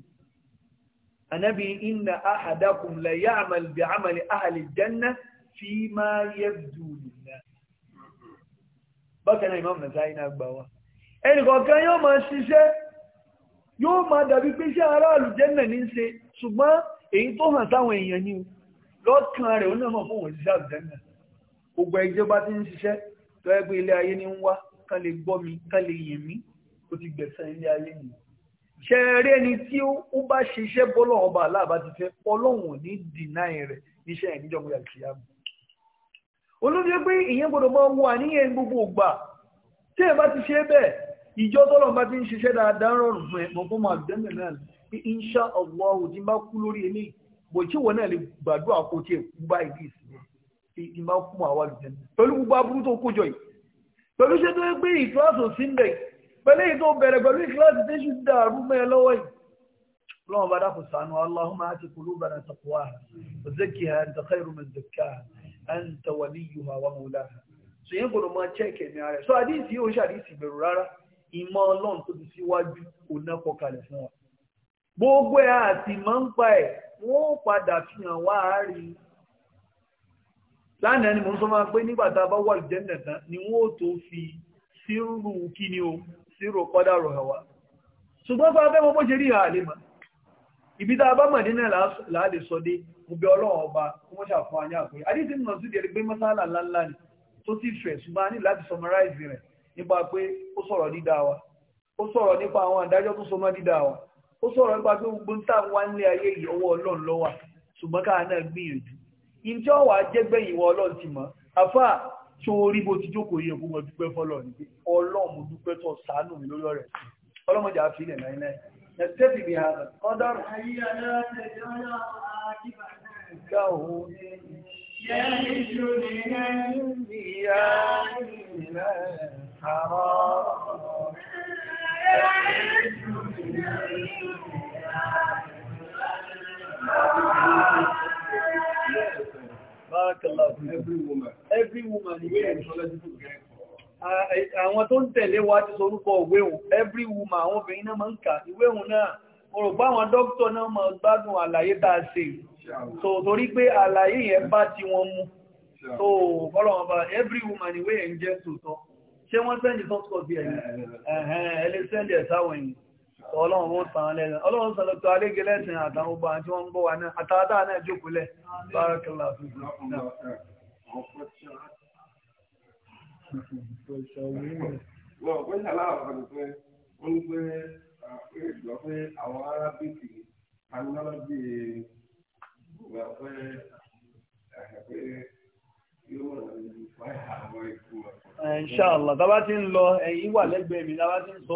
anábi inna ahadakum la ya'mal bi amali ahli janna fi ma yabdu lillah bákan náà imam nasai náà gbà wá ẹnì kọ̀ọ̀kan yóò máa ṣiṣẹ́ yóò máa dàbí pé iṣẹ́ aráàlú jẹ́nà ní ṣe ṣùgbọ́n èyí tó hàn sáwọn èèyàn ni lọ́kàn rẹ̀ ó náà mọ̀ fún òun ṣiṣẹ́ àlùjẹ́nà gbogbo ẹgbẹ́ bá ti ń ṣiṣẹ́ tó ẹgbẹ́ ilé ayé ní ń wá Kan le gbọ́ mi kán lè yìn mí ó ti gbẹ̀sán ilé ayé mi ṣe eré ni tí ó bá ṣiṣẹ́ bọ́lọ̀ ọba aláàbá ti fẹ́ ọlọ́run ní dìnáì rẹ̀ iṣẹ́ ẹ̀ níjọ́ múyà kìí àmì olóògbé pé ìyẹn gbọ́dọ̀ máa wọ àníyàn gbogbo ògbà tí ẹ bá ti ṣe bẹ́ẹ̀ ìjọ tọ́lọ̀ bá ti ń ṣiṣẹ́ dáadáa rọrùn fún ẹ mọ̀ fún màá dẹ́mẹ̀ náà pé insha Allah ti bá kú lórí ẹni bò tí wọn náà lè gbàdúrà kó tiẹ̀ kú báyìí bí ìsinmi ti bá kú àwọn àlùjẹ́ pẹ̀lú gbogbo aburú tó kójọ yìí pẹ̀lú ṣe tó yẹ pé ìkíláàsì ò sí ń bẹ̀ pẹ̀lú èyí tó bẹ̀rẹ̀ pẹ̀lú ìkíláàsì tí ṣù dá àrùn mẹ́ lọ́wọ́ yìí lọ́wọ́ bá dákun sànú aláhùnmá àti kulúbàrà taqwa zakkiha anta khairu man zakkaha anta waliyuha wa mawlaha so yẹn gbọ́dọ̀ máa chẹ́ẹ̀kì ẹ̀mí ara rẹ̀ so àdìsí yóò ṣàdìsí bẹ̀rù rárá ìmọ̀ ọlọ́run tó ti síwájú òun kọ kalẹ̀ fún wa gbogbo ẹ̀ àti máa ń pa ẹ̀ wọ́n padà lánàá ni mo sọ máa pé nígbà tá a bá ni wọ́n tó fi kí ni o sírù kọ́dà rọ̀ ẹ̀wà ṣùgbọ́n bá fẹ́ mọ́ bó ṣe rí ìhà àlè mà ibi tá a sọ dé mo ọba kí wọ́n ayé àpè àdìsí náà pé mọ́sálà ńláńlá ni tó ti fẹ̀ ṣùgbọ́n a ní láti summarize rẹ̀ nípa pé ó sọ̀rọ̀ dídá wa ó sọ̀rọ̀ nípa àwọn tó dídá wa ó sọ̀rọ̀ nípa pé gbogbo ń tà wá nílé ayé yìí ọwọ́ ìjọ́ wà jẹ́gbẹ́ ìwọ ọlọ́run ti mọ̀ afá tó orí bó ti jókòó yẹ kó mọ̀ dúpẹ́ fọ́lọ̀ ní pé ọlọ́run mo dúpẹ́ tó sàánù mi lórí ọ̀rẹ́ ọlọ́mọdé àfihàn náírà نكتفي بهذا القدر هيا لا تجعل عاقبته يعيش لأنبياء حرام يعيش لأنبياء Ah, eh, àwọn tó ń tẹ̀lé wa ti sorúkọ ìwé òun, every woman, àwọn obìnrin náà máa ń kà, ìwé òun náà, mo rò pé àwọn dókítọ̀ náà máa gbádùn àlàyé tàà ṣe, so torí pé àlàyé yẹn bá ti wọn mú, so ọlọ́wọ́n bá every woman ìwé ẹ̀ ń jẹ́ tòótọ́, ṣé wọ́n sẹ́ndì sọ́tọ̀ bí ẹ̀yìn? Eh, eh, Ẹ̀hẹ́n, ẹlẹ́sẹ́ndì ẹ̀sáwọ̀ ẹ̀yìn. ọlọ́run ó tàn lẹ́sìn ọlọ́run sọ lọ́tọ́ alégé lẹ́sìn àtàwọn ọba tí wọ́n ń bọ́ wà náà àtàdá náà jókòólẹ̀ bárakẹ́lá tàbá ti ń lọ ẹ̀yìn wà lẹ́gbẹ̀ẹ́ mi, tàbá ti ń sọ,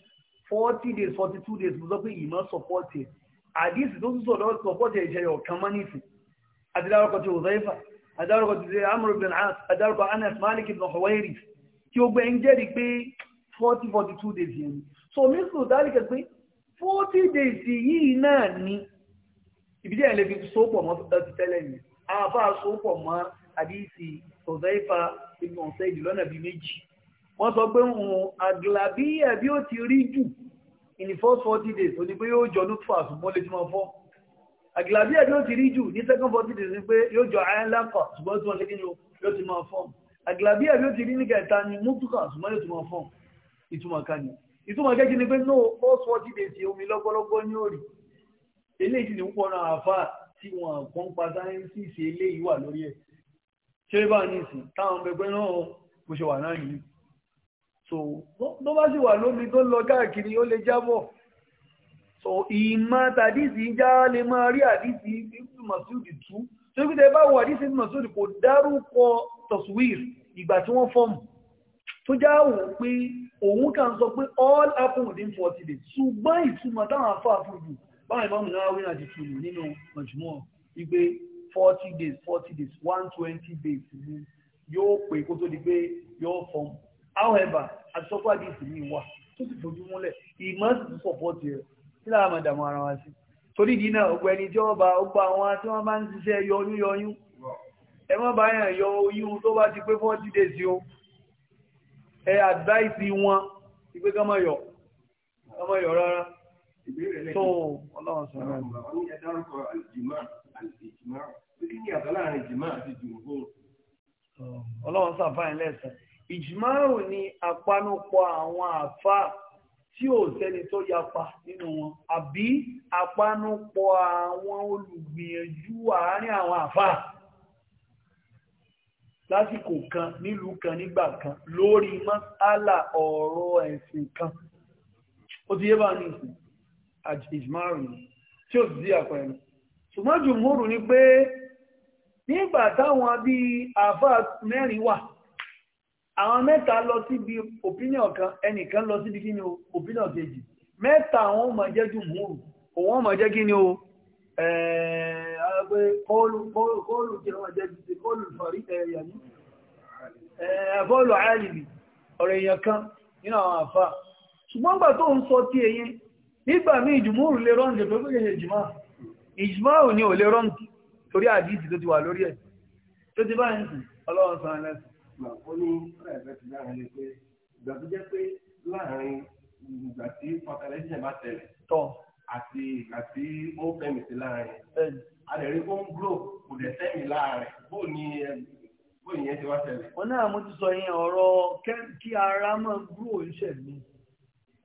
forty days forty two days mo sọ pé ìmọ̀ support it. àdìsí tó tún sọ̀rọ̀ support ẹ̀ ìṣẹ̀yọ̀ kan mọ́ nìsí adidárọ̀kọ̀ ti Uzaifa adidárọ̀kọ̀ ti Amr bin As adidárọ̀kọ̀ Anas Malik ibn Huwairi tí ó gbẹ́ ń jẹ́rìí pé forty forty two days yẹn ni so mísùlù dálíkẹ̀ pé forty days yìí náà ni ìbílẹ̀ ẹ̀ lè fi sópọ̀ mọ́ ti tẹ́lẹ̀ ni àbá sópọ̀ mọ́ àdìsí Uzaifa ibn Said lọ́nà bíi méjì wọ́n sọ pé ohun àgìlàbí ẹ̀bí ó ti rí jù in first forty days ó ní pé yóò jọ nútùfà ṣùgbọ́n lè tí wọ́n fọ́ àgìlàbí ẹ̀bí ó ti rí jù ní second forty days ní pé yóò jọ ayélujára ṣùgbọ́n tí wọ́n lè kíni yóò ti máa fọ́ọ̀mù àgìlàbí ẹ̀bí ó ti rí ní kẹta ní mútùkà ṣùgbọ́n yóò ti máa fọ́ọ̀mù ìtumọ̀ kan ni ìtumọ̀ kẹ́kí ni pé no first forty days omi lọ́gbọ́lọ́gbọ́ ní òrì eléyìí ni wọ́n náà àfà tí wọ́n kàn pa sáyẹ́ńsì eléyìí wà lórí ẹ̀ ṣé bá ní ìsìn táwọn so tó bá sì wà lómi tó lọ káàkiri ó lè jábọ̀ so ìmọ̀ tàdísì já lè máa rí àdísì ibùdó masudi tú tó gbé bá wọ àdísì ibùdó masudi kò dárúkọ tọ̀sùwìr ìgbà tí wọ́n fọ́ọ̀mù tó já wò pé òun kàn sọ pé all happen within forty days ṣùgbọ́n ìtumọ̀ táwọn afọ àfojù báwọn ìbámu náà wí àti tùlù nínú mọ̀jùmọ̀ wípé forty days forty days one twenty days yóò pé kó tó di pé yóò fọ́ọ̀mù however àtúntọ́kọ́ àdìsí mi wà tó sì fojú múlẹ̀ ìmọ̀ sì tún sọ̀pọ̀tì rẹ̀ tí lára máa dààmú ara wa sí torí ìdí náà ọgbọ ẹni tí wọ́n bá ọgbọ àwọn tí wọ́n bá ń ṣiṣẹ́ yọyún yọyún ẹ má bá yàn yọ oyún tó bá ti pé forty days o ẹ advice wọn ìpé ká má yọ ká má yọ rárá tó ọlọ́run sọ̀rọ̀ ẹ̀ ọlọ́run sàfáìn lẹ́sẹ̀ ìjìmáàrù ni àpanupọ̀ àwọn àfà tí ò sẹ́ni tó yapa nínú wọn àbí àpanupọ̀ àwọn olùgbìyànjú àárín àwọn àfà lásìkò kan nílùú kan nígbà kan lórí mọ́sálà ọ̀rọ̀ ẹ̀sìn kan ó ti yé bá ní ìsìn ìjìmáàrù ni tí ò sì sí àpẹẹrẹ ṣùgbọ́n jùmúrù ni pé nígbà táwọn bíi àfà mẹ́rin wà àwọn mẹ́ta lọ síbi opinion kan ẹnìkan lọ síbi kí opinion kejì mẹ́ta àwọn ọmọ jẹ́ jùmúrù òun ọmọ o kọ́ọ̀lù àyàlìbì kan nínú àwọn àfà ṣùgbọ́n gbà tó ń sọ tí eyín nígbà mí ìjùmúrù lè rọ́n torí tó ó ní ọ̀rẹ́ ẹ̀fẹ́ ti dáhùn lé pé ìgbà tó jẹ́ pé láàrin ìgbà tí fertilization bá tẹ̀lé tọ́ àti ìgbà tí ó ń sí láàrin àdèrè ó ń grow kò dẹ̀ fẹ́mi láàrin bó ni bó ìyẹn ti wá tẹ̀lé. wọn náà mo ti sọ yẹn ọ̀rọ̀ kí ara máa grow iṣẹ́ mi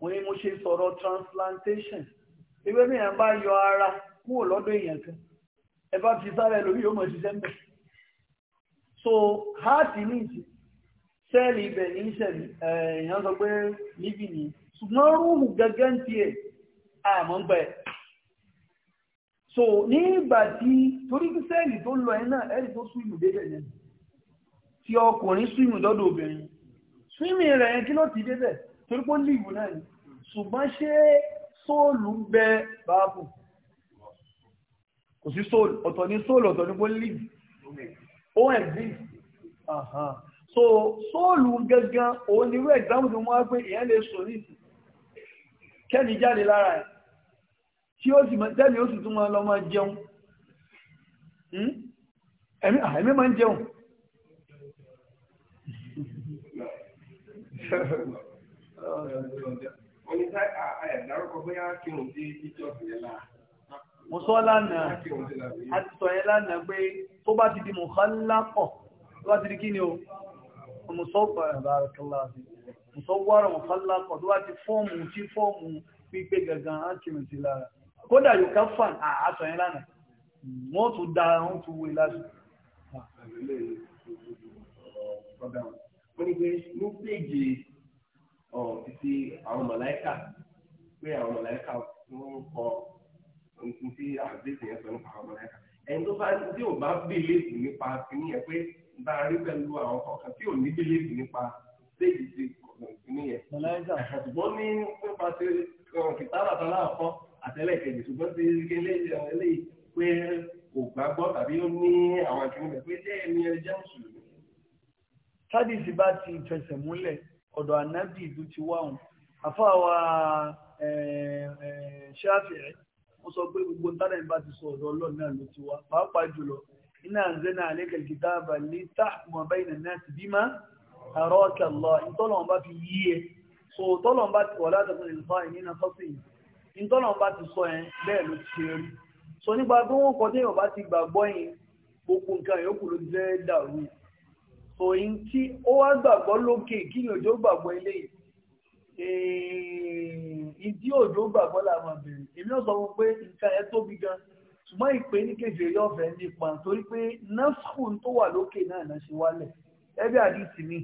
mo ní mo ṣe sọ̀rọ̀ transplantation ewé mi yẹn bá yọ ara kúrò lọ́dọ̀ èèyàn kan ẹ bá fi sára ẹlòmíì yóò mọ̀ ṣiṣẹ́ mbẹ́. so háàtì ní ìsìn sẹ́ẹ̀lì ibẹ̀ ní eh, ìṣẹ̀lì èèyàn sọ pé níbi ní ṣùgbọ́n rúùmù gẹ́gẹ́ so ní ìgbà tí torí kí sẹ́ẹ̀lì tó lọ ẹ̀ ẹ̀rì tó súnmù débẹ̀ yẹn tí ọkùnrin súnmù dọ́dọ̀ obìnrin súnmù rẹ̀ yẹn kí ló ti débẹ̀ torí pé ó líìwù náà ni ṣùgbọ́n ṣé sóòlù ń bẹ báàbù kò sí sóòlù ni sóòlù ọ̀tọ̀ ó exist so sóòlù gangan òun ni wọ́n example tí wọ́n pé èèyàn lè sọ nìsí kẹ́ni jáde lára ẹ̀ tí ó sì tẹ́ni ó sì tún máa lọ máa jẹun hmm? ẹ̀mí máa ń jẹun Wọ́n ní sáà àyàdárúkọ bóyá kírun sí ìjọ́sìn yẹn lára mo sọ lánàá àti sọ yẹn lánàá pé tó bá ti di mọ̀kánlápọ̀ tó bá ti di kí ni o mùsọ́wọ́rọ̀ mọ̀kánlápọ̀ tó bá ti fọ́ọ̀mù tí fọ́ọ̀mù pípé gangan ákìrì lára kódà yóò ká fàn àásọ lánàá wọ́n tún pé ní péjì ti àwọn mọ̀láìkà pé àwọn mọ̀láìkà wọ́n kọ́ nǹkan tí àdéhùn yẹn sọ nípa àwọn ọmọláyà ẹni tó bá tí ò bá bìlẹ́ẹ̀fù nípa kìíní yẹn pé bá a rí pẹ̀lú àwọn kọ̀ọ̀kan tí ò ní bìlẹ́ẹ̀fù nípa stéèjì ti kìíní yẹn. ṣùgbọ́n ní nípa ti kìtàrà tán láàkọ́ àtẹlẹ́kẹ̀jì ṣùgbọ́n ti eléyìí pé kò gbàgbọ́ tàbí ó ní àwọn akẹ́kọ̀ọ́ pé jẹ́ ẹni ẹni jẹ́ mùsùlùmí. sádìsì bá ti fẹsẹ̀ múlẹ̀ ọ̀dọ̀ ànábì wa ṣáfìrì wọ́n sọ pé gbogbo tánà ìbá ti sọ ọ̀dọ̀ ọlọ́run náà ló ti wá pàápàá jùlọ iná àǹzẹ́nà àlékè kìtàbà ní táàmù ọ̀bá ìnà náà ti bímá àrọ́ ọ̀kẹ́lọ́ ìtọ́lọ́run bá fi yí ẹ so tọ́lọ́run bá ti wọ̀ látọ̀kùn ìlúfà ìnínà fọ́sìn ìtọ́lọ́run bá ti sọ ẹ bẹ́ẹ̀ ló ti ṣe rí so nípa bí wọ́n kọ́ téèyàn bá ti gbàgbọ́ yẹn gbogbo nǹkan yòókù ló ti fẹ́ dàrú yẹn so yìí tí ó wá gbàgbọ́ lókè kí yòójó gbàgbọ́ eléyìí ìdí òjò gbàgbọ́ làwọn àbẹ̀rẹ̀ èmi náà sọ fún pé nǹkan ẹ tóbi gan ṣùgbọ́n ìpè ní kèfèrí ọ̀fẹ́ nípa torí pé násùn tó wà lókè náà náà ṣe wálẹ̀ ẹbí àdìsí mi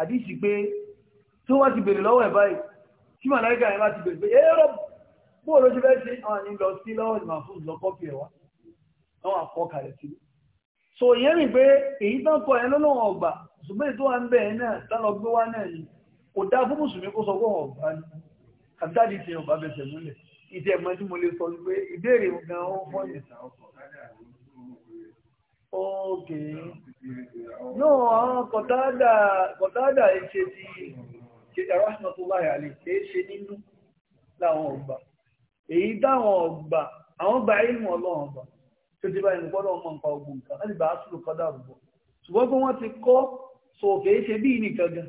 àdìsí pé tí wọ́n ti bèrè lọ́wọ́ ẹ̀ báyìí tí màláìka ẹ̀ bá ti bèrè pé ẹ̀rọ bó ló ṣe fẹ́ ṣe àwọn àní lọ sí lọ́wọ́ ìmọ̀ fún ìlọ ẹ̀ wá àwọn sí i. so ìyẹn mi pé èyí tán kọ ẹ ọgbà ṣùgbọ́n ètò wa ń bẹ̀ ẹ náà tán lọ gbé wá náà kò dá fún mùsùlùmí kó sọ wọ́n ọ̀bá ní àtàdì tí ọba bẹ̀sẹ̀ múlẹ̀ ìdí ẹ̀mọ́ tí mo lè sọ pé ìbéèrè gan ó fọ́ yẹn. ok náà àwọn kọ̀tádà kọ̀tádà ṣe ti ṣe rahmatullahi alayhi ṣe é ṣe nínú láwọn ọgbà èyí táwọn ọgbà àwọn gba ilmu ọlọ́run ọgbà tó ti bá ìrìnkọ́lọ́ ọmọ nǹkan ọgbọ̀n nǹkan láti bá a sùn kọ́dà rúbọ ṣùgbọ́n pé wọ́n ti kọ́ sọ̀kè é ṣe bí nìkan gan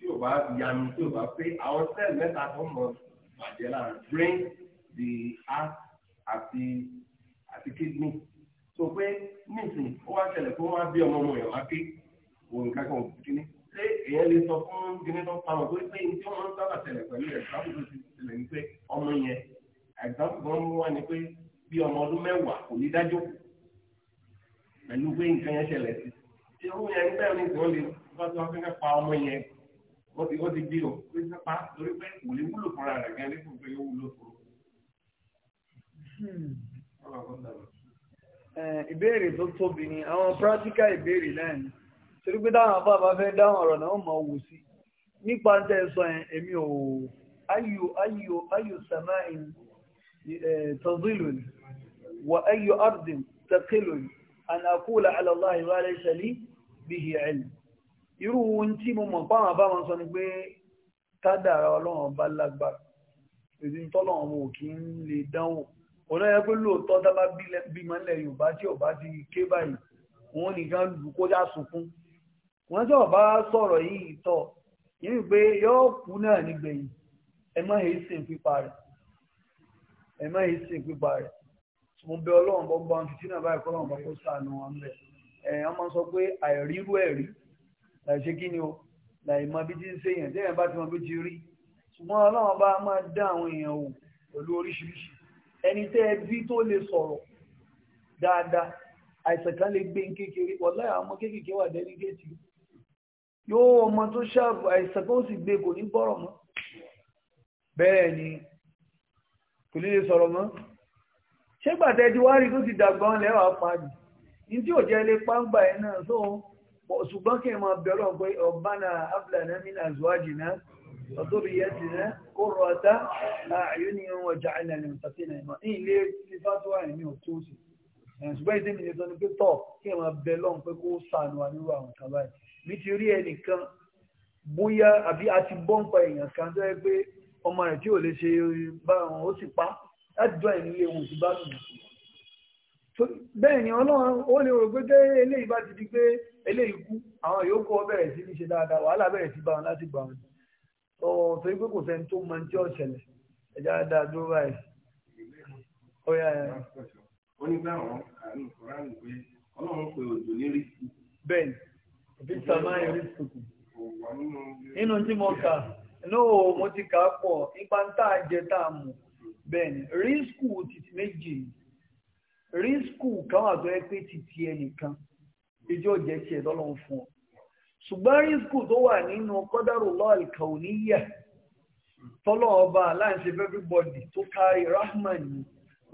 tí ò bá yanu tí ò bá pé àwọn cell mẹ́ta tó mọ bàjẹ́ lára brain the heart àti àti kidney tó pé nísìnyí ó wá ṣẹlẹ̀ tó wá bí ọmọ ọmọ yẹn wá pé òun nǹkan kan ò bí kíní ṣé èèyàn lè sọ fún kíní tó pa wọn pé pé ní tí wọn sábà ṣẹlẹ̀ pẹ̀lú ẹ̀dáàbò tó ti ṣẹlẹ̀ ní pé ọmọ yẹn ẹ̀dáàbò tó ń mú wá ni pé bí ọmọ ọdún mẹ́wàá kò ní dájú pẹ̀lú pé nǹkan yẹn ṣẹlẹ̀ sí ṣé ó yẹ nígbà yẹn ní ìgbọ́n lè bá tó wá fẹ́ pa ọmọ yẹn ó ti ó ti di o pé nípa lórí pé kò wúlò fúnra rẹ̀ gan ní kùn pé yóò wúlò fún hmm. ìbéèrè tó tóbi ni àwọn practical ìbéèrè náà ni torí pé táwọn afá fẹ́ dáhùn ọ̀rọ̀ náà mọ̀ wò sí nípa tẹ́ sọ yẹn èmi ò ayò ayò ayò sàmáìn tọ́zílò ni wà ayò ardìn tẹ́kílò ni àná kúlà alàlá ìwà ṣẹlí bíi ẹ̀lì irú ohun tí mo mọ̀ páwọn bá wọn sọ ni pé kádàrá ọlọ́run bá lágbára èdè tọ́lọ́run ò kí ń lè dánwò ọ̀nà yẹ pé lóòótọ́ dábá bímọ ilẹ̀ yorùbá tí ọba ti ké báyìí wọn nìkan lù kó já sunkún wọn tí ọba sọ̀rọ̀ yìí tọ̀ yìí pé yóò kú náà nígbẹ̀yìn ẹ má èyí sìn pípa rẹ̀ ẹ má èyí sìn pípa rẹ̀ mo bẹ ọlọ́run gbọ́ngbọ́n títí náà báyìí kọ́ lọ́run bá kó sànù wọn bẹ̀ ẹ̀ wọ́n sọ pé àìrírú ẹ̀rí láì ṣe kí ni o láì mọ bí ti ń ṣe èèyàn tẹ́yàn bá ti mọ bí ti rí ṣùgbọ́n ọlọ́run bá máa dá àwọn èèyàn wò pẹ̀lú oríṣiríṣi ẹni tẹ́ ẹ bí tó lè sọ̀rọ̀ dáadáa àìsàn kan lè gbé kékeré wọ́n láì àwọn ọmọ kékeré wà dẹ́rígẹ́tì yóò ọmọ tó ṣàbù àìsàn kan ó sì gbé kò ní gbọ́rọ̀ mọ́ bẹ́ẹ̀ ni kò ní lè sọ̀rọ̀ mọ́ ṣé gbàtẹ́ ti wá rí tó ti dàgbọ́n lẹ́wàá pa jù tí ò ṣùgbọ́n kí ẹ máa bẹ̀rọ pé ọ̀bánà aflànà min azwajina ọ̀tọ́bìyàtìná kó rọ̀ta àyúni wọn ọjà ìlànà ìtàtínà ìmọ̀ ilé ti fàtíwà ìní ọ̀tọ́ sí ṣùgbọ́n ìdí mi lè sọ ní pé tọ̀ kí ẹ máa bẹ̀rọ pé kó sànù àníwò ọmọ rẹ̀ tí ò lè ṣe bá wọn ó sì pa láti jọ ìnílé wọn ò sì bẹ́ẹ̀ ni ọlọ́run ó lè rò pé pé eléyìí bá ti di pé eléyìí kú àwọn yòókù ọ bẹ̀rẹ̀ sí ní ṣe dáadáa wàhálà bẹ̀rẹ̀ sí bá wọn láti gbà wọn ọ torí pé kò sẹ́ni tó mọ tí ó ṣẹlẹ̀ ẹ̀já dáa dúró báyìí. ó yà ẹ̀. ó ní bá àwọn àánú kọ́ránì pé ọlọ́run pé òjò ní rí. bẹ́ẹ̀ òbí sàmáì rí sùkù. nínú tí mo kà lóò mo ti kà á pọ̀ ipa ń tà jẹ tá a mọ̀ bẹ́ẹ̀ ni rí rísíkù kan wà tó yẹ pé ti ti ẹnìkan ìjọ jẹ́ tiẹ̀ lọ́lọ́run fún ọ ṣùgbọ́n rísíkù tó wà nínú qadarullah al-kawniyya tọ́lọ́ ọba aláìṣe everybody tó kárí rahman ni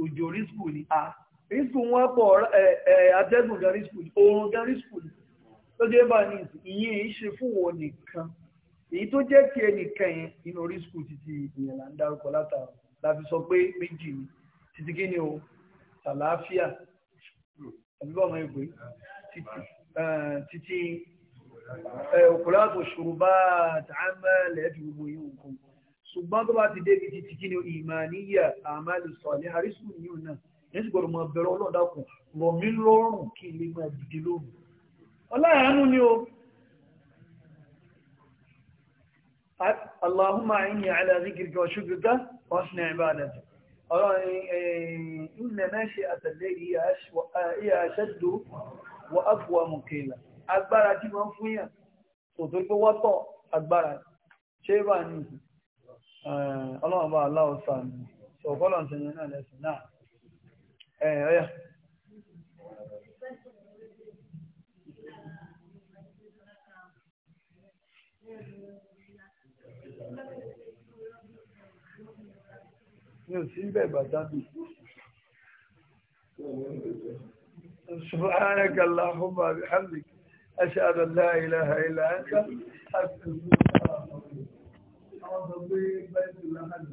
òjò rísíkù ni a rísíkù wọn pọ̀ atẹ́gùn gan rísíkù ni oorun gan rísíkù ni tó jẹ́ bá ní ìyẹn ìṣe fún wọn nìkan èyí tó jẹ́ tiẹ̀ nìkan yẹn inú rísíkù títí ìyẹn là ń dárúkọ látàrí láti sọ pé méjì ni títí kí ni o sàlááfíà ẹ̀lọ́mọ ìgbé títí òkúrátò ṣùrùbá àtàmẹ́lẹ̀ fi gbogbo yìí nǹkan ṣùgbọ́n tó bá ti débi títí kí ni ìmàníyà àmàlù sọ̀lẹ̀ àrísù yìí náà yẹn sì gbọ́dọ̀ mọ bẹ̀rẹ̀ ọlọ́dàkùn rọ̀ mí lọ́rùn kí ilé máa dìde lóhùn ọláyàánú ni o Allahumma inni ala zikrika wa shukrika wa husni ibadati inna nashi'ata al-layli eh, hiya ashaddu wa aqwa mukila agbára tí wọ́n fún yàn kò tó gbé wọ́tọ̀ agbára ṣé bá ní eh, ọlọ́run bá aláwọ̀ sáà ní ọ̀pọ̀lọpọ̀ mi ò sí bẹ́ẹ̀ bàtà mi. سبحانك اللهم وبحمدك أشهد أن لا إله إلا أنت أستغفرك وأتوب إليك